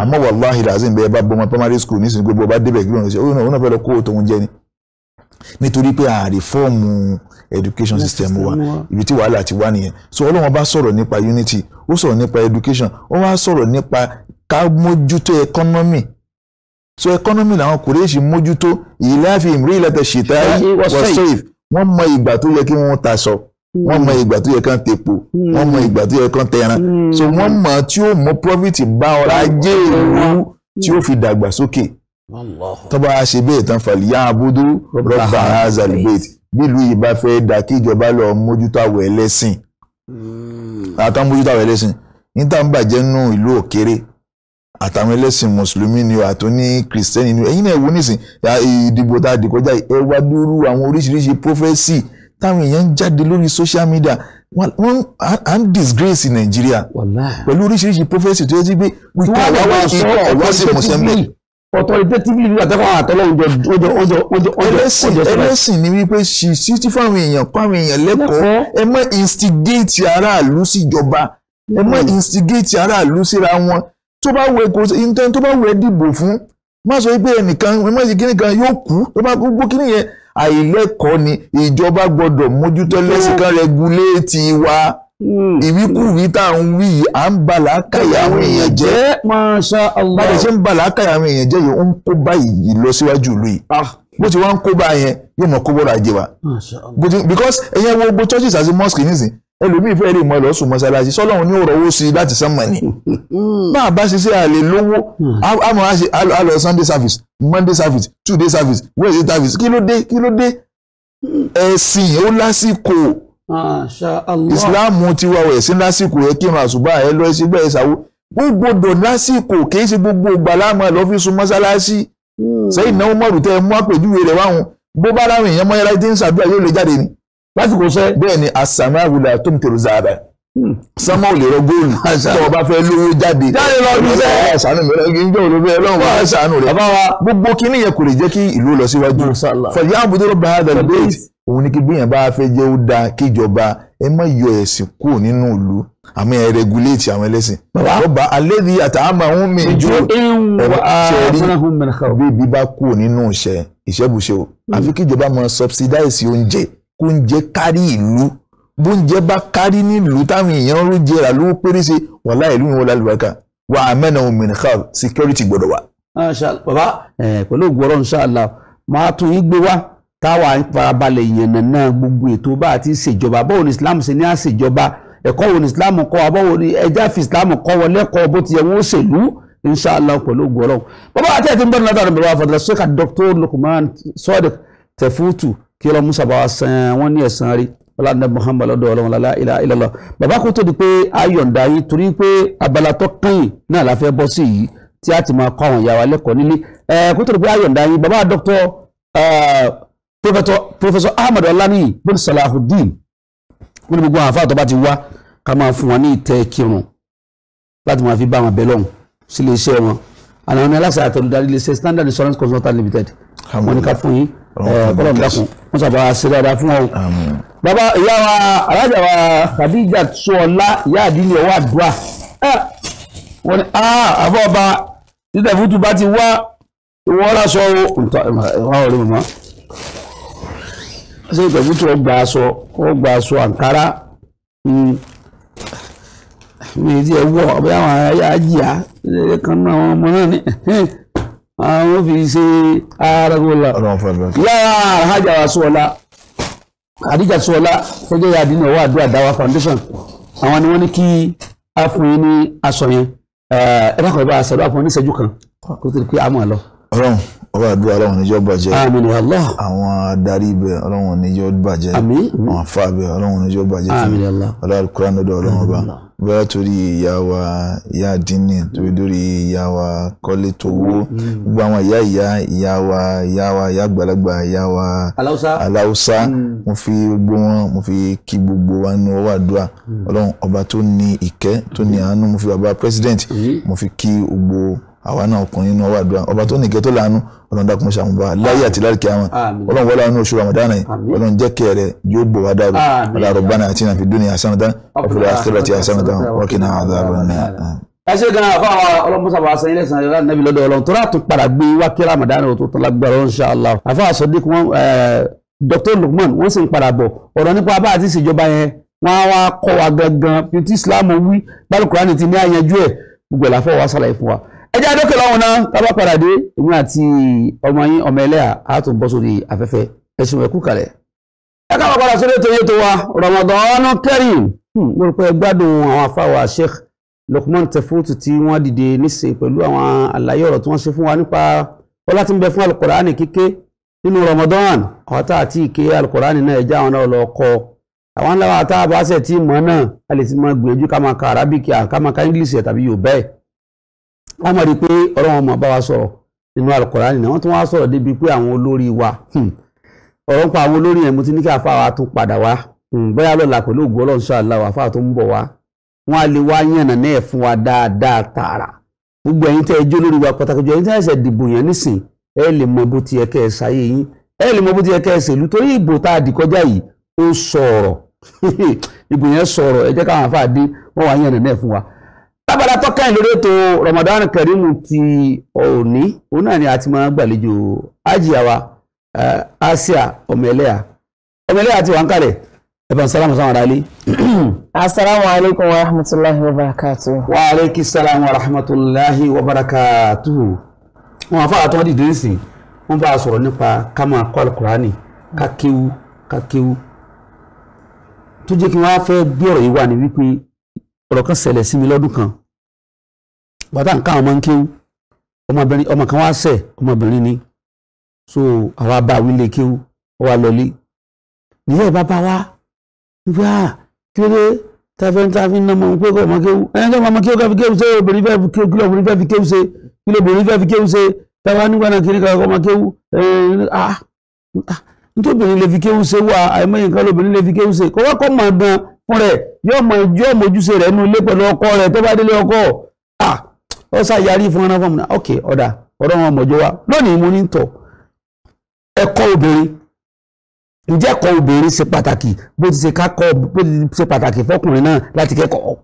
àmọ́ wàláhì làzim bẹ́ẹ̀ bá bọ́ ọmọ primary school nísìnyí gbogbo ọba débẹ̀ gbé nítorí pé a reform education system wa ibi tí wàhálà ti wá nìyẹn so ọlọ́run bá sọ̀rọ̀ nípa unity ó sọ̀rọ̀ nípa education ó wá sọ̀rọ̀ nípa ká mójútó economy so economy làwọn kòrèèṣì mójútó ìlàfi ìmúrí ìlàtẹ̀ ṣètà wọ́sẹ̀f wọ́n mọ ìgbà tó yẹ kí wọ́n taṣọ wọ́n mọ hmm. ìgbà tó yẹ kán tepo hmm. wọ́n mọ ìgbà tó yẹ kán tẹran so hmm. wọ́n mọ tí ó mú profit bá ọrọ̀ ajé ìlú tí ó fi dàgbàsókè tọ́ba ṣe bẹ́ẹ̀ tán fàlìyà abudu rọ́bà azalibet bílùú yìí bá fẹ́ dà kí ìjọba lọ mójútó àwọn ẹlẹ́sìn àtàwọn hmm. mójútó àwọn ẹlẹ́sìn níta ń bàjẹ́ nù ìlú òkèrè àtàwọn ẹlẹ́sìn mùsùlùmí ni àtún ní kìrìsìtẹ́nì ni ẹ̀yin náà wo nísìn ìdìbò tá a dì kọjá ẹ wá dúró àwọn oríṣiríṣi prọfẹ́sì táwọn èèyàn ń jáde lórí social media wọ́n à ń disgrace Nàìjíríà pẹ̀lú oríṣiríṣi prọfẹ́sì tó yẹ sí pé wíkà wá wá sí ọ̀wá sí mọ̀sẹ́mbẹ̀ authoritatively nígbà tó fáwọn àtọ́lọ́hún jọ ọjọ́ ọjọ́ ọjọ́ ọjọ́ ẹlẹ́sìn ni wípé ṣì sí fáwọn èèyàn fáwọn èèyàn lẹ́kọ̀ọ́ ẹ mọ́ instigate aráàlú síjọba ẹ mọ́ hmm. instigate aráàlú síra wọn tó bá wẹ kò intan tó bá wẹ dìbò fún má sọ pé ẹnìkan ẹ má sì kíní kan yóò kú tó bá kú gbó kíní yẹn àìlẹ́kọ̀ọ́ ni ìjọba gbọ́dọ̀ mójútó lẹ́sìn hmm. kan rẹguléètì wa. Hmm. ìwíkúwí tá à ń wí à ń ba làákàyà àwọn èèyàn jẹ́ eh, Masha Allah bá a ṣe ń ba làákàyà àwọn èèyàn jẹ́ yìí ó ń kó báyìí lọ síwájú ìlú yìí ah. bó ti wá ń kó bá yẹn yóò mọ̀ kó bọ́ra jẹ wa because ẹ̀yẹn wo gbogbo churches àti mosque nísìn ẹlòmíì fẹ́ẹ́ lè mọ ẹlọ́sùn mọ́ṣáláṣí sọ́lọ́run ní ọ̀rọ̀ owó sí i láti sánmọ̀ ni máa bá ṣiṣẹ́ àlè lówó àmọ́ àṣe àlọ́ Sunday service Monday service Tuesday service Wednesday service kí ló dé kí ló dé hmm. ẹ̀sìn ó lásìkò islam tiwa ẹ̀ sí lásìkò ẹ̀ kírun àṣùbà ẹ̀ lọ sí bẹ́ẹ̀ ṣàwó gbogbo lásìkò kìí ṣe gbogbo gbàlámà lọ fi sun mọ́ṣáláṣí sẹ́yìn náà mọ̀rù tẹ́ ẹ mú àpèjúwe rẹ̀ wáhùn bó bá láwọn èèyàn mọ́ yàrá tí ń ṣàdúrà yóò lè jáde ni. lásìkò sẹ́. bẹ́ẹ̀ ni àṣàmì àwùlà tó ń tèrò záàbà sánmọ́ ò lè rọ góòlù tó o bá fẹ́ lówó jáde. jáde lọ bí sẹ́. àṣàánú mi rẹ ń jẹ́ olóbi ẹlọ́run wá àṣàánú rẹ. gbogbo kinní yẹn kò lè jẹ́ kí ìlú lọ síwájú. fọ̀yà àbúdúró bá a dàgbé òun ni kí gbìyànjú bá fẹ́ jẹ́ ó dáa kíjọba ẹ má yọ ẹ̀sìn kúrò nínú ìlú àmọ́ ẹ rẹguléètì àwọn ẹlẹ́sìn. bàbá àlẹ́bí àtàmà ń mi ju ẹ̀rọ ṣẹ́rí bíbí bá kúrò nínú ìṣẹ́ ìṣẹ́bùṣe o hmm. àfi kíjọba máa subsidize oúnjẹ kó oúnjẹ kárí ìlú bóúnjẹ bá kárí nílùú táwọn èèyàn ló jẹrà lówó pérése wàhálà ìlú ìwọlá àlùbáríkà wà á mẹ́nà òmìnirikaw security gbọ́dọ̀ wà. bàbá pẹ̀lú ògùn ọ̀rọ̀ insha Allah máa tún yín gbé wá táwa ń farabalẹ̀ ìyànnà náà gbogbo ètò bá àti ṣèjọba báwo ni Islam ṣe ní àṣejọba ẹ̀kọ́ wo ni Islam kọ́ wa báwo ni ẹja fi Islam kọ́ wọn lẹ́kọ̀ọ́ bó ti yẹ wọ́n ṣèlú inshallah pẹ̀lú ògùn ọlọ́run bàbá àti ẹ̀tí ń bọ́ nílọ́dọ̀ àdúgbò wa fọ̀dọ̀ sọ́kà Dr. Lukman Sodiq Tefutu kí ọlọ́run musa bá wa san wọ́n ní ẹ̀san rí ọlọ́dún Muhammad lọ́dọ̀ ọlọ́run lálá ilá ilọ́lọ́ bàbá kò tó di pé ayọ̀ǹda yìí torí pé abala la fẹ́ bọ́ sí yìí tí a ti máa kọ́ àwọn ìyá wa lẹ́kọ̀ọ́ Professor Ahmad Ọláníyì bin Salahuddin wọ́n ní gbogbo àwọn àfáà tó bá ti wá ká máa fún wọn ní ìtẹ́ kírun láti máa fi bá wọn bẹ̀ lọ́hùn sí ilé iṣẹ́ wọn àwọn ọmọ aláṣẹ àtẹnudarí ilé iṣẹ́ Standard Insurance Consultant Limited wọ́n ní ká fún yín kọ́lọ̀mù dákun wọ́n sábà ṣe dáadáa fún wọn. bàbá ìyá wa alájà wa Khadija Ṣọlá ìyá àdínní ọwọ́ àdúrà wọ́n ní àbọ̀ ọba títẹ̀ fútu bá ti wá ìwọ́n rà sọ́ọ́ ṣé ìtọ́jú tí wọ́n gba aṣọ wọ́n gba aṣọ àǹkárá hmm. mi ti ẹ̀ wọ̀ ọ̀bẹ àwọn ajíyà ilé kan náà àwọn ọmọ náà ní àwọn fi ṣe aragola yàrá alhaja wa sọlá àdíjà sọlá tó jẹ́ àdínà owó àdúrà dáwà foundation àwọn ni wọ́n ní kí a fún yín ní aṣọ yẹn ẹ dákọ̀ ẹ bá a ṣàdúrà fún ọ ní ìṣẹ́jú kan kó tó di pé a mọ̀ lọ ọba àdúrà ọlọ́run níjọ́ bàjẹ́ àmín Allah àwọn adarí ibẹ ọlọ́run níjọ́ bàjẹ́ àmín àwọn afa ibẹ ọlọ́run níjọ́ bàjẹ́ àmín Allah ọlọ́run kúrò ànádọ́ ọlọ́run ọba bóyá torí ìyá wa ìyá àdínì torí lórí ìyá wa kọ́lé tówó mm. gbogbo àwọn ìyá ìyá ìyá wa ìyá wa ìyá àgbàlagbà ìyá wa aláwùsá mm. mo fi gbogbo wọn mo fi kí gbogbo wa nínú ọwọ́ àdúrà mm. ọlọ́run ọba tó ní ìkẹ́ tó ní àánú mo fi bàbá president mo fi kí gbogbo àwa náà ọkùnrin nínú ọwọ́ àdúrà ọba tó ní ìkẹ́ tó láàánú ọlọ́run dákun ṣe àwọn bá láyé àti lárìkẹ́ àwọn ọlọ́run wọlé àwọn oṣù ramadan yìí ọlọ́run jẹ́ kẹrẹ yóò bọ̀ wá dáàbò ọlá rabbana àti nàfi dúnìyà hasanatan wa fil akhirati hasanatan wa qina adhaban nar. ẹ ṣe gan afa ọlọmọ sábà asan ilé san ìlànà nàbí lọ́dọ̀ ọlọ́run tóra tó padà gbé wá kí ramadan tó tó lágbára insha Allah afa sadiq wọn Dr. Lukman wọn sì ń padà ẹjẹ́ adókè lọ́hùn náà tábà padà dé èmi àti ọmọ yín ọmọ ẹlẹ́yà á tún bọ́ sórí afẹ́fẹ́ ẹ̀sùn ẹ̀kú kalẹ̀. ẹ káwọn padà sórí ètò yẹn wa Ramadan Kareem lórúkọ hmm, ẹgbádùn àwọn afáwà Sheikh Lukman Tefutu tí wọ́n dìde níṣe pẹ̀lú àwọn àlàyé ọ̀rọ̀ tí wọ́n ṣe fún wa nípa ọlá tí ń bẹ fún alukoraani kíké nínú Ramadan àwọn tá àti ìké alukoraani náà ẹja àwọn náà lọ kọ àwọn ńlá wa tá a bá ṣẹ̀ tí mọ̀ náà a lè ti mọ gbìyànjú ká máa ka Arabic ká máa ka English tàbí Yorùbá ẹ̀ wọ́n mọ̀ rí pé ọ̀rọ̀ wọn mọ̀ bá wa sọ̀rọ̀ nínú Al-Qur'ani wọ́n tún wá sọ̀rọ̀ débi pé àwọn olórí wa hmm, ọ̀rọ̀ ń pa àwọn olórí yẹn mo ti ní kí àfa wa tún padà wá hmm, bóyá lọ́la pẹ̀lú ògùn Ọlọ́run ṣáàlá wà fáà tó ń bọ̀ wá wọ́n á lè wá yànnà náà fún wa dáadáa tààrà gbogbo ẹ̀yin tẹ́ ẹjọ́ lórí wa pàtàkì jù ẹ̀yin tẹ́ ẹ̀sẹ̀ dìbò yẹn nísìn ẹ lè mọ bó ti yẹ kẹ́ ẹ ṣayé yín ẹ lè abala tọ́ka ẹ̀ ètò Ramadan Kareem ti òní òun náà ni a ti máa gbàlejò ajiyawa eh, Asia ọmọẹlẹ́à ọmọẹlẹ́à ti wà ń kalẹ̀ ẹ̀fọn sálámù sáwọn aráalé. asalaamu alaykum wa rahmatulahi wa barakatu. wa aleyki salaam wa rahmatulahi wa barakatu. wọn afa àtọ́ dìde sí wọn bá a sọ̀rọ̀ nípa ká máa kọ́ alukurani ká kéwu ká kéwu tó jẹ́ kí wọ́n á bí ọ̀rọ̀ yìí wà ní wípé ọ̀rọ̀ kan ṣẹlẹ̀ sí mi lọ́dún kan bàtà nǹkan àwọn ọmọ ń kéwú ọmọbìnrin ọmọ kan wá ṣẹ̀ ọmọbìnrin ni so àwa bá wílé kéwú ó wá lọlé nìyẹn bàbá wa wípé à kílódé tafẹ́ni tafẹ́ ní ah, ọmọ òǹkó ọmọ kéwú ẹni tó ọmọ kéwú káfí kéwú ṣe obìnrin fẹ́ fi kéwú kílò obìnrin fẹ́ fi kéwú ṣe kílò obìnrin fẹ́ fi kéwú ṣe táwa nígbà náà kiri kàkọ́ ọmọ kéwú ah, ah, nítòbìnrin lè fi kéwú ṣe wà àìmọye nǹkan lóbìnrin lè fi kéwú ṣe kọ́wọ́ kọ́ mọ̀ gan fún rẹ̀ yóò mọ ojú ọmọ ojúṣe rẹ̀ nínú ilé pẹ̀lú ọkọ rẹ̀ tó bá délé ọkọ ó ṣàyàrí fún ọ̀nà fọ́ọ̀mù náà ok ọ̀dà ọ̀rọ̀ wọn mọ̀jọ wa lónìí mo ní tọ̀ ẹ̀kọ́ obìnrin ǹjẹ́ ẹ̀kọ́ obìnrin ṣe pàtàkì bó ti ṣe kákọ́ bó ti ṣe pàtàkì fọkùnrin náà láti kẹ́kọ̀ọ́.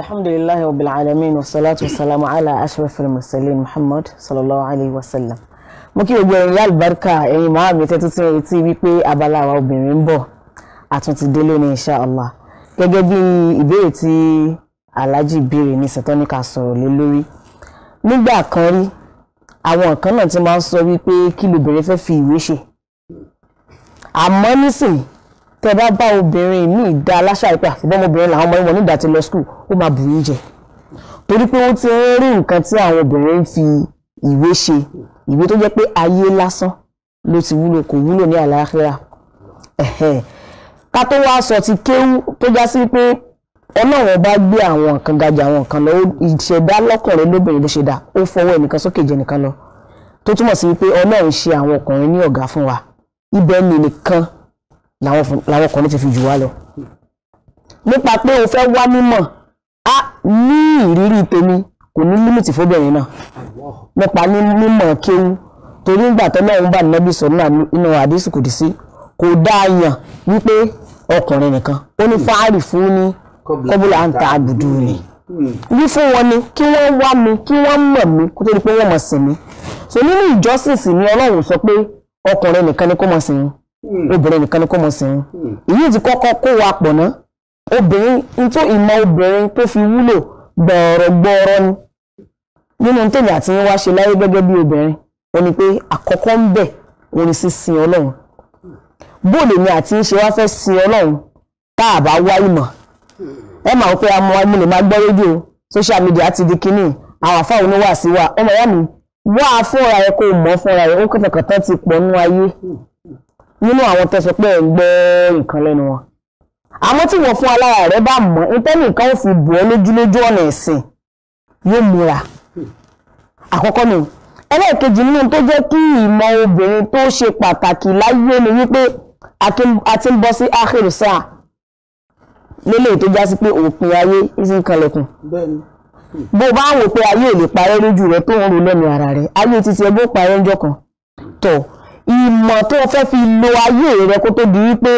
alhamdulilayi rabbil alamin wa salatu wa salamu ala ashrafil mursalin muhammad sallallahu alayhi wa sallam mo kí gbogbo ẹ̀yin lálùbáríkà ẹ̀yin màá mi tẹ́tí tí retí wípé abala àwa obìnrin ń bọ̀ àtúntì délé ní insha allah gẹ́gẹ́ bí ìbéèrè aláàjì ìbéèrè ní sẹtọ́nìkà sọ̀rọ̀ lé lórí nígbà kan rí àwọn kan náà ti máa ń sọ wípé kí lobìnrin fẹ́ fi ìwé ṣe àmọ́ nísìnyí tẹ bá bá obìnrin míì dá aláṣà ìpè àti bọ́mọbìnrin làwọn ọmọ ìwọ̀n nígbà tí lọ skul ó máa bù yín jẹ torí pé ó ti ń rí nǹkan tí àwọn obìnrin ń fi ìwé ṣe ìwé tó jẹ́ pé ayé lásán ló ti wúlò kò wúlò ní àlàáfíà ká tó wá sọ ti kéwú tó já sí pé ọlọ́run bá gbé àwọn nǹkan gajà àwọn nǹkan lọ ìṣẹ̀dá lọ́kùnrin lóbìnrin ló ṣe dá ó fọwọ́ ẹnìkan sókè jẹ nìkan lọ tó túmọ̀ sí wípé ọlọ́run ṣe àwọn ọkùnrin ní ọ̀gá fún wa ibẹ̀ ni nìkan làwọn ọkùnrin ti fi jù wá lọ. nípa pé o fẹ́ wá mímọ̀ á ní ìrírí tèmi kò ní límìtì fóbìnrin náà nípa ní mímọ̀ kéwú torí ńgbà tọ́lọ́run bá nínú sọ nínú àdísù kò dí sí kò dáa wípé ọkùnrin nìkan ó ní fáàrì fún ní kọ́bùlà à ń ta àbùdù ni hmm. wí fún wọn ni kí wọ́n wá mi kí wọ́n mọ̀ mí kó tó di pé wọ́n mọ̀ sí mi so nínú ìjọsìn sì ni Ọlọ́run sọ pé ọkùnrin nìkan ni kó mọ̀ sí wọn hmm. obìnrin nìkan ni kó mọ̀ sí wọn hmm. èyí ti kọ́kọ́ kó wa pọ̀ ná obìnrin tó ìmọ̀ obìnrin tó fi wúlò gbọ̀ọ̀rọ̀ ni nínú tèmi àti yín wá ṣe láyé gẹ́gẹ́ bí obìnrin wọn ni pé àkọ́kọ́ ń bẹ̀ wọn ni sísin Ọlọ́run bóòlù mi àti yín ṣe wá fẹ́ sin Ọlọ́run tá a bá wá ìmọ̀ ẹ máa fẹ́ amọ̀ ẹmu lè máa gbọ́ rédíò social media ti di kínní àwọn àfáà oníwà sí wa ọmọ ìyá mi wá a fúnra ẹ kó o mọ̀ fúnra ẹ ó kó fẹ̀kàntán ti pọ̀ nú ayé nínú àwọn tó sọ pé ẹ̀ ń gbọ́ nǹkan lẹ́nu wọn àmọ́ tí wọ́n fún alára rẹ bá mọ̀ ìtẹ́nì kan ó fi bù ọ́ lójú lójú ọ̀nà ẹ̀sìn yóò múra àkọ́kọ́ ni ẹlẹ́ẹ̀kejì nínú tó jẹ́ kí ìmọ̀ obìnrin tó ṣe pàtàkì láyé ni wípé a ti ń bọ́ sí áhìrì sáà lélẹ̀ tó já sí pé òpin ayé ìsì ń kanlẹ̀kùn bó bá ń wò pé ayé ò lè parẹ́ lójú rẹ tó ń ro lẹ́nu ara rẹ ayé títí ẹ bó parẹ́ ńjọ́ kan tọ̀ ìmọ̀ tó fẹ́ fi lo ayé rẹ kó tó di wípé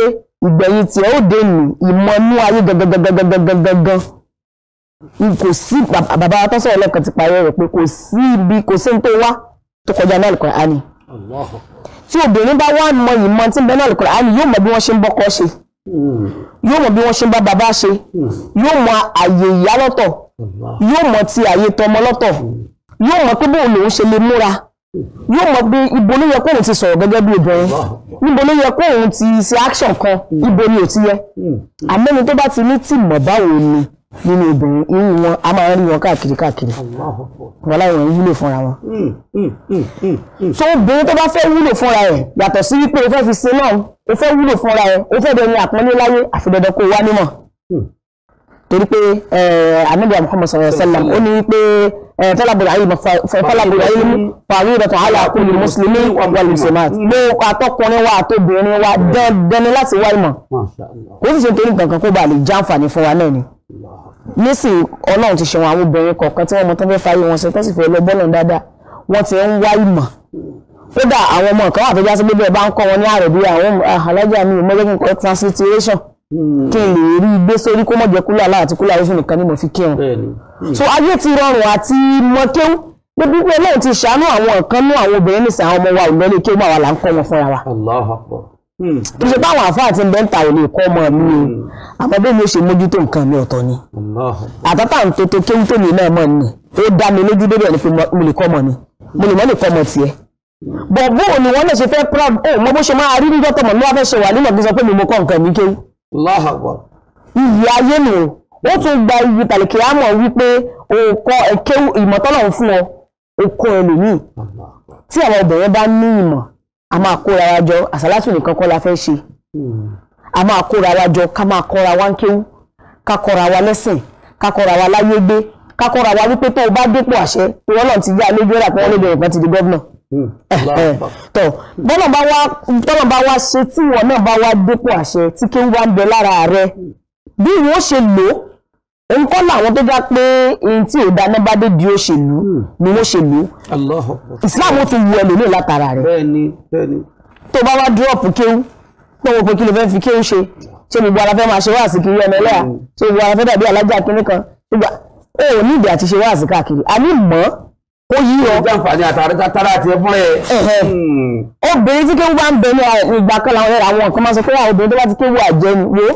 ìgbẹ̀yìn tí ó dé nù ìmọ̀ nú ayé gangangangangangangan kò sí bàbá tó sọ̀rọ̀ lẹ́ẹ̀kan ti parí rẹ̀ pé kò sí ibi kò sí ní tó wá tó kọjá náà lùkọ̀ á ní. tí obìnrin bá wá mọ ìmọ̀ tí ń bẹ náà lùkọ̀ á ní yóò mọ bí wọ́n ṣe ń bọ́kọ ṣe yóò mọ bí wọ́n ṣe ń bá bàbá ṣe yóò mọ àyè ìyá lọ́tọ̀ yóò mọ ti àyè tọmọ lọ́tọ̀ yóò mọ pé bóun lòun ṣe lè múra yóò mọ bí ibo ló yẹ kóun ti sọ̀rọ̀ gẹ́gẹ́ bí obìnrin níbo ló yẹ kóun ti ṣe action kan ibo ni ò ti yẹ hmm. àmẹ́ni tó bá ti ní tìmọ̀ báwo ni nínú obìnrin irú wọn a máa ń rí wọn káàkiri káàkiri wọn láwọn wúlò fúnra wọn. tó hmm, hmm, hmm, obìnrin tó bá fẹ́ wúlò fúnra ẹ̀ yàtọ̀ sí wípé o fẹ́ fi ṣe náà o fẹ́ wúlò fúnra ẹ̀ o fẹ́ dẹni àpọ́nlé láyé àfi dandan kó o wá nímọ̀. torí pé anabi Muhammad sallallahu alaihi wasallam ó ní pé tọ́lábùrà ayé fọlábùrà ayé pàrí ìdọ̀tọ̀ àlà kulli mùsùlùmí wal muslimat gbé àtọkùnrin wa àtobìnrin wa dandan ni láti wá ìmọ̀ kò sì ṣe torí nǹkan kan kó ba lè jàǹfààní fún wa náà ni nísìn ọlọ́run ti ṣẹ̀wọ̀n àwọn obìnrin kọ̀ọ̀kan tí wọ́n mọ tó fẹ́ fayé wọn ṣe tó sì fẹ́ lọ bọ́ọ̀lù dáadáa wọ́n ti ń wá ìmọ̀ kódà àwọn ọmọ kan wà tó já sí pé bẹ́ẹ̀ bá ń kọ́ wọn ní ààrẹ bí àwọn ah, alájà mi ò mọ́jọ́ kí n kọ́ transliteration hmm. kí n lè rí gbé sórí kó mọ̀jẹ́ kúlà láti kúlà rẹ́sùn nìkan ni mo fi kírun hmm. so ayé ti rọrùn àti mọ́kéwù pé pípẹ́ náà ti ṣàánú àwọn kan ní àwọn obìnrin nìsín àwọn ọmọ wa ò lọ́lé kí ó máa wà là ń kọ́ Hmm. kì í ṣe báwọn àfáà ti ń bẹ́ńtà ò lè kọ́ ọmọ mi o hmm. àmọ́ bí mi ò ṣe mójútó nǹkan mi ọ̀tọ̀ ni àtàtà ntótó kéwú tèmi náà mọ̀ ni ó dá mi lójú débẹ̀ ni pé mo lè kọ́ ọmọ mi mo lè mọ́ lè kọ́ ọmọ tiẹ̀ bọ̀ bó o ní wọ́n lè ṣe fẹ́ proud ó mọ bó ṣe máa rí níjọ́ tọmọ ní wàá fẹ́ ṣe wà nínú ọ̀gbìn sọ pé mi mo kọ́ nǹkan mi kéwú. iyì ayé mi o ó tún gba iyì tàlìkì àmọ́ wípé òkọ ẹ̀kẹ́ ìmọ̀tọ́lọ́ fún ọ òkọ ẹlòmíì tí àwọn obìnrin bá ní ìmọ̀ a máa kóra wa jọ àsálàtù nìkan kọ́ la fẹ́ ṣe a máa kóra wa jọ ká máa kọ́ra wa ń kéwú ká kọ́ra wa lẹ́sìn ká kọ́ra wa láyé gbé ká kọ́ra wa wípé tó o bá dépò àṣẹ ìwọ náà ti yá lójú ẹ̀rà pé wọ́n lè bẹ̀rẹ̀ pẹ́ ti di gómìnà. tọ bọ́nà bá wá bọ́nà bá wá ṣe tí ìwọ náà bá wá dépò àṣẹ tí kéwú wá ń bẹ lára rẹ bí ìwọ ṣe lò ó òun kọ́ làwọn tó já pé ohun tí èdè anábádé di òṣèlú hmm. ni wọ́n ṣèlú Islam ó ti wu ẹlòmíì látara rẹ̀ bẹ́ẹ̀ni bẹ́ẹ̀ni tó bá wá dúrọ́ọ̀pù kéwú pé wọ́n pe kí ló fẹ́ fi kéwú ṣe ṣé gbogbo ara fẹ́ máa ṣe wáàsí kiri ọmọ ẹlẹ́yà hmm. ṣé gbogbo ara fẹ́ dàbí alájà kínní kan gbogbo ó ní ìdí àti ṣe wáàsí káàkiri àní mọ́ ó yí ọ. ó jàǹfààní àtàrí tara àti ẹfún ẹ. Hmm. obìnrin tí kéwú bá ń bẹ ní ìgbà kan làwọn ẹ̀rọ àwọn kan máa sọ pé àwọn obìnrin tó bá ti kéwú àjẹni wo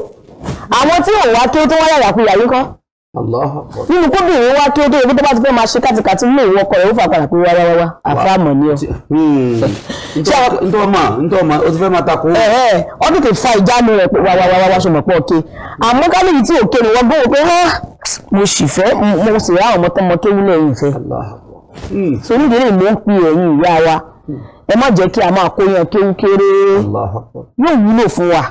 àwọn tí òun wá kéwú tó wá yàyà yìí kan nínú kóbìnrin wá kí ó dé ibi tó bá ti fẹ́ máa ṣe kátikàtí ní ìwọ ọkọ rẹ̀ ó fà padà pé wáyá wáyá àfàmọ̀ ni hmm. ọ. ntọ́mọ̀ ntọ́mọ̀ o ti fẹ́ máa takò. ẹ ẹ ọ tètè fa ìjánu rẹ pé wáyá wáyá wá ṣọmọ pọ̀ ké àmọ́ ká níbi tí òkè ni wọ́n gbówó pé hàn mo sì fẹ́ mo sì rá ọmọ tọmọ kéwú lẹ́yìn fẹ́. Hmm. Hmm. so nídìí lè mú pin ẹ̀yìn ìyá wa ẹ má jẹ́ kí a máa kó yan kéwú kéré yóò wúlò fún wa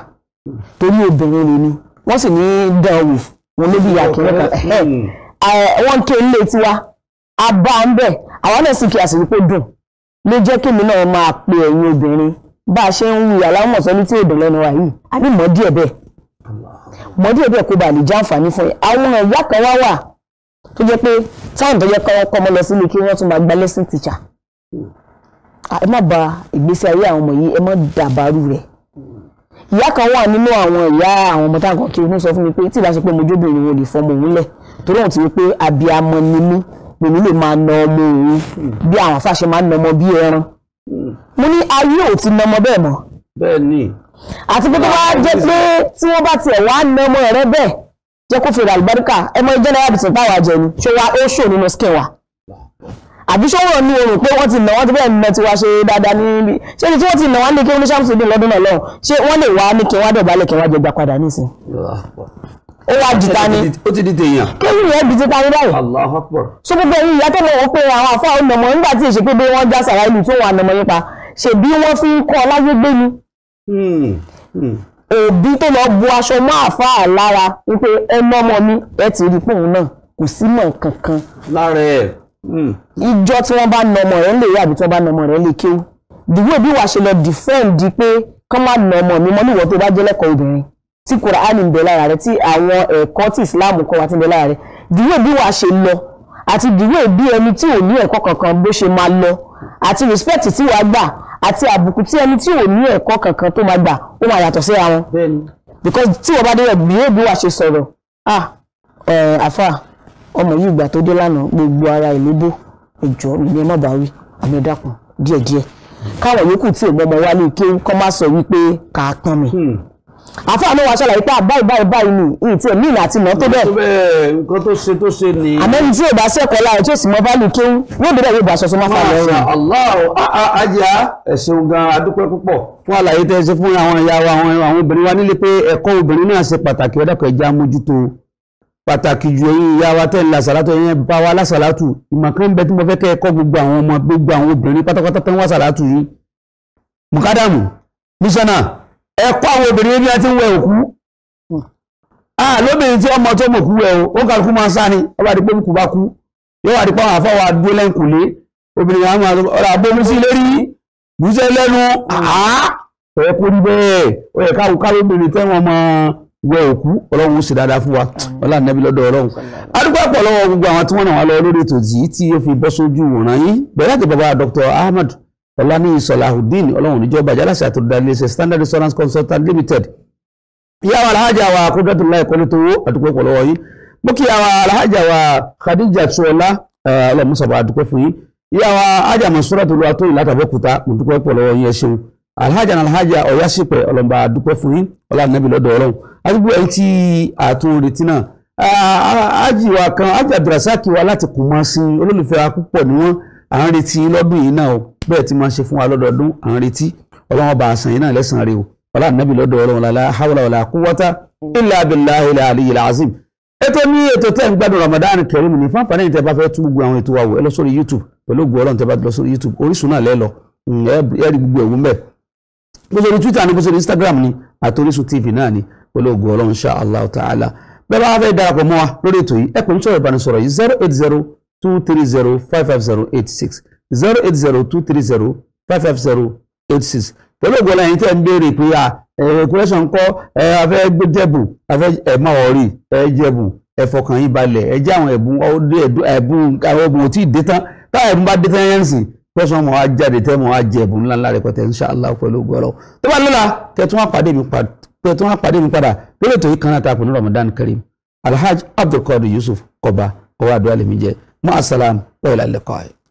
torí obìnrin ni wọ́n sì ní dán wò wọn ló bí ìyá kìíní kan mm. wọn ké ilé tiwa a bá ń bẹ àwọn náà sì àṣírí pé dùn ló jẹ́ kí èmi náà máa pe ẹ̀yin obìnrin bá a ṣe ń wu aláwọ̀ sọ ní tí èdè wa yìí a ní bẹ́ẹ̀ bẹ́ẹ̀ kó wá gba lesson teacher ẹ má ba ìgbésí ayé àwọn ọmọ yìí ẹ má dàbàrú rẹ̀ ìyá kan wà nínú àwọn ìyá àwọn ọmọ táwọn kiri ní sọ fún mi pé tí ìbáṣepọ̀ mojóbìnrin wo lè fọmọ òun lẹ̀ torí òun ti rí pé abiyamọ ni mí lèmi lè máa na ọmọ òun hmm. bí àwọn afáṣe máa ń na ọmọ bí ẹran hmm. mo ní ayé ò ti na ọmọ bẹ́ẹ̀ mọ́. bẹ́ẹ̀ ni. àti pé tó bá jẹ́ pé tí wọ́n bá tiẹ̀ wá na ọmọ rẹ bẹ́ẹ̀ jẹ́ kó fèrè àlùbáríkà ẹ mọ ìjẹ́ náírà bìtì ni ṣé wa ó ṣò nínú skin wa àbí ṣọ́wọ́ ní oòrùn pé wọ́n ti nà wọ́n ti bẹ́ẹ̀ nà tiwa ṣe dáadáa níbi ṣé ibi tí wọ́n ti nà wá ní kí wọ́n ní ṣàmùsùn lọ́dún náà lọ́hùn ṣé wọ́n lè wá ní kí wọ́n dọ̀bálẹ̀ kí wọ́n jẹgbà padà nísìn. ó wá jìtá ni ó ti di tèèyàn. kéwìn yẹn di títa ní báyìí. so gbogbo ẹ̀yin ìyá tẹ́lẹ̀ wọ́n pé àwọn àfa ọ̀nàmọ̀ nígbà tí ìṣe pé bí wọ́n já sàrá ìlú tó wà nàmọ̀ nípa ṣèbí wọ́n fi ń kọ́ láyé gbé ni. Hmm, hmm. òbí tó lọ bu aṣọ mọ́ àfa lára wípé ẹ mọ́ ọmọ mi ẹ ti rí fóun Hmm. ìjọ tí wọ́n bá na ọmọ rẹ̀ lè rí àbí tí wọ́n bá na ọmọ rẹ̀ lè kéwú dìwé bí wàá ṣe lọ defend pé kán má na ọmọ mi mọ́ níwọ tó bá jẹ́ lẹ́kọ̀ọ́ obìnrin tí Kùránì ń bẹ lára rẹ̀ tí àwọn ẹ̀kọ́ tí Islam kọ́ wa ti ń bẹ lára rẹ̀ dìwé bí wàá ṣe lọ àti dìwé bí ẹni tí ò ní ẹ̀kọ́ kankan bó ṣe máa lọ àti respect tí wàá gbà àti àbùkù tí ẹni tí ò ní ẹ̀kọ́ kankan tó máa gbà ó máa yàtọ̀ síra wọn because tí wọ́n bá dé rẹ̀ dìwé bí wàá ṣe sọ̀rọ̀ ah eh, àfà ọmọ yìí ìgbà tó dé lánàá gbogbo ara ìlú bò ìjọ ìlú ẹ má bá wí àmì ìdàkùn díẹ̀díẹ̀ káwọn yòókù tí ìgbọmọ wa lè ké kọ́ má sọ wípé kà á mi. Hmm. àfáà náà wàá ṣàlàyé pé àbáyé báyìí báyìí ni èyí tí èmi ìlà àti ìmọ̀ tó bẹ́ẹ̀. nǹkan tó ṣe tó ṣe ni. àmọ́ ní tí ò bá sẹ́kọ̀ọ́ láàyè tí ò sì mọ bá lè kéwú yóò dé bẹ́ẹ̀ yóò bá ṣọṣọ má fà lọ́rùn. ajá ẹ̀sìn gan adúpẹ́ púpọ̀ fún àlàyé tẹ́ ẹ ṣe fún àwọn ìyá àwọn obìnrin wa nílé pé ẹ̀kọ́ obìnrin náà ṣe pàtàkì ọ̀dọ́kọ̀ ẹ̀já mójútó pàtàkì ju ẹ̀yin ìyá wa tẹ́ ń la sàlátù ẹ̀yin bá wa lásàlátù ìmọ̀ kan bẹ tí mo fẹ́ kẹ́ ẹ kọ́ gbogbo àwọn ọmọ gbogbo àwọn obìnrin pátápátá tẹ́ ń wá sàlátù yìí mùkádàmù mísánà ẹ kọ́ àwọn obìnrin bí wọ́n ti ń wẹ òkú lóbìnrin tí ọmọ tó mọ̀ kú wẹ o ó kàlùkù máa sá ni ọba àdìpé kù bá kú yóò wà dípò àwọn afọwọ́ adúlé lẹ́ǹkùlé obìnrin àwọn wẹ òkú ọlọ́run ó ṣe dáadáa fún wa ọlá nẹ́bí lọ́dọ̀ ọlọ́run adúgbò àpọ̀ lọ́wọ́ gbogbo àwọn tí wọ́n ràn wá lọ́wọ́ lórí ètò yìí tí ó fi bọ́ sójú wòran yín bẹ̀rẹ̀ àti bàbá Dr. Ahmad Ọláníyì Salahuddin ọlọ́run oníjọba jálàṣà tó Standard Insurance Consultant Limited ìyáwó alhaja wa kúndàtúlá ìkọ́ni tó wó àdúgbò àpọ̀ lọ́wọ́ yín mo kí ìyáwó alhaja wa Khadija tuola ọlọ́run sọ̀rọ̀ àdúgbò fún yín ìyáwó ajamasúrà tó lọ́wọ́ tó ìlàtàbọ̀kúta mo dúpẹ́ pọ̀ lọ́wọ́ yín ẹ ṣeun alhaja alhaja ọ̀yáṣípẹ̀ ọlọ́mọba àdúpẹ́ fún yín ọlànàbí lọ́dọ̀ ọlọ́run àdúgbò ẹ̀yìn tí àtún retí náà aji wa kan ájì abdulrasaq wa láti kù mọ́ sí olólùfẹ́ wa púpọ̀ ni wọ́n à ń retí lọ́dún yìí náà o bẹ́ẹ̀ tí máa ń ṣe fún wa lọ́dọọdún à ń retí ọlọ́run bá àṣàn náà lẹ́sàn-án rè o ọlànàbí lọ́dọ̀ ọlọ́run làlá hawla wàlá quwwata illa billahi la azim ètò ní ètò tẹ́ ń gbádùn Ramadan Kareem ní fáfáà lẹ́yìn tẹ́ bá fẹ́ tún gbogbo àwọn ètò wa wò ẹ lọ sórí YouTube pẹ̀lú ògùn ọlọ́run tẹ́ lọ sórí YouTube Orísun náà lẹ́ lọ ẹ rí gbogbo ẹ̀wù mẹ́ẹ̀ bó ṣe twitter ni bó ṣe instagram ni àti tv náà ni pẹ̀lú ògo ọlọ́run insha allah ta'ala bẹ́ẹ̀ bá fẹ́ darapọ̀ mọ́ wa lórí ètò yìí ẹ̀pọ̀ nítorí ìbánisọ̀rọ̀ yìí zero eight zero two three zero five five zero eight six zero eight zero two three zero five five zero eight six pẹ̀lú ògo ọlọ́run yìí tẹ̀ ń béèrè pé à ẹ̀ẹ́dẹ́gbẹ̀rẹ́sọ̀ ń kọ́ afẹ́ jẹ̀bù afẹ́ ẹ̀mọ́ ọ̀rí ẹ̀ẹ́dẹ́gbẹ̀rẹ́ ẹ fọkàn yín balẹ̀ ẹ jẹ́ àwọn ẹ̀bùn ẹ̀bùn àwọn ọ̀bùn ò tí ì dé tán táwọn ẹ̀bùn bá dé tán yẹn ń sìn tẹ́sán mọ̀ á jáde tẹ́ mọ̀ á jẹ ẹ̀bùn ńlá ńlá rẹpẹtẹ inṣàlá pẹ̀lú gbọ́rọ̀ tó bá lọ́la tẹ̀tún wá pàdé mi padà lórí ètò yìí kan náà ta pẹ̀lú Ramadan Kareem Alhaji Abdulkadir Yusuf Koba ọwọ́ àdúrà lèmi jẹ mọ́ àsálàm wọ́n ìlà lẹ́kọ̀ọ́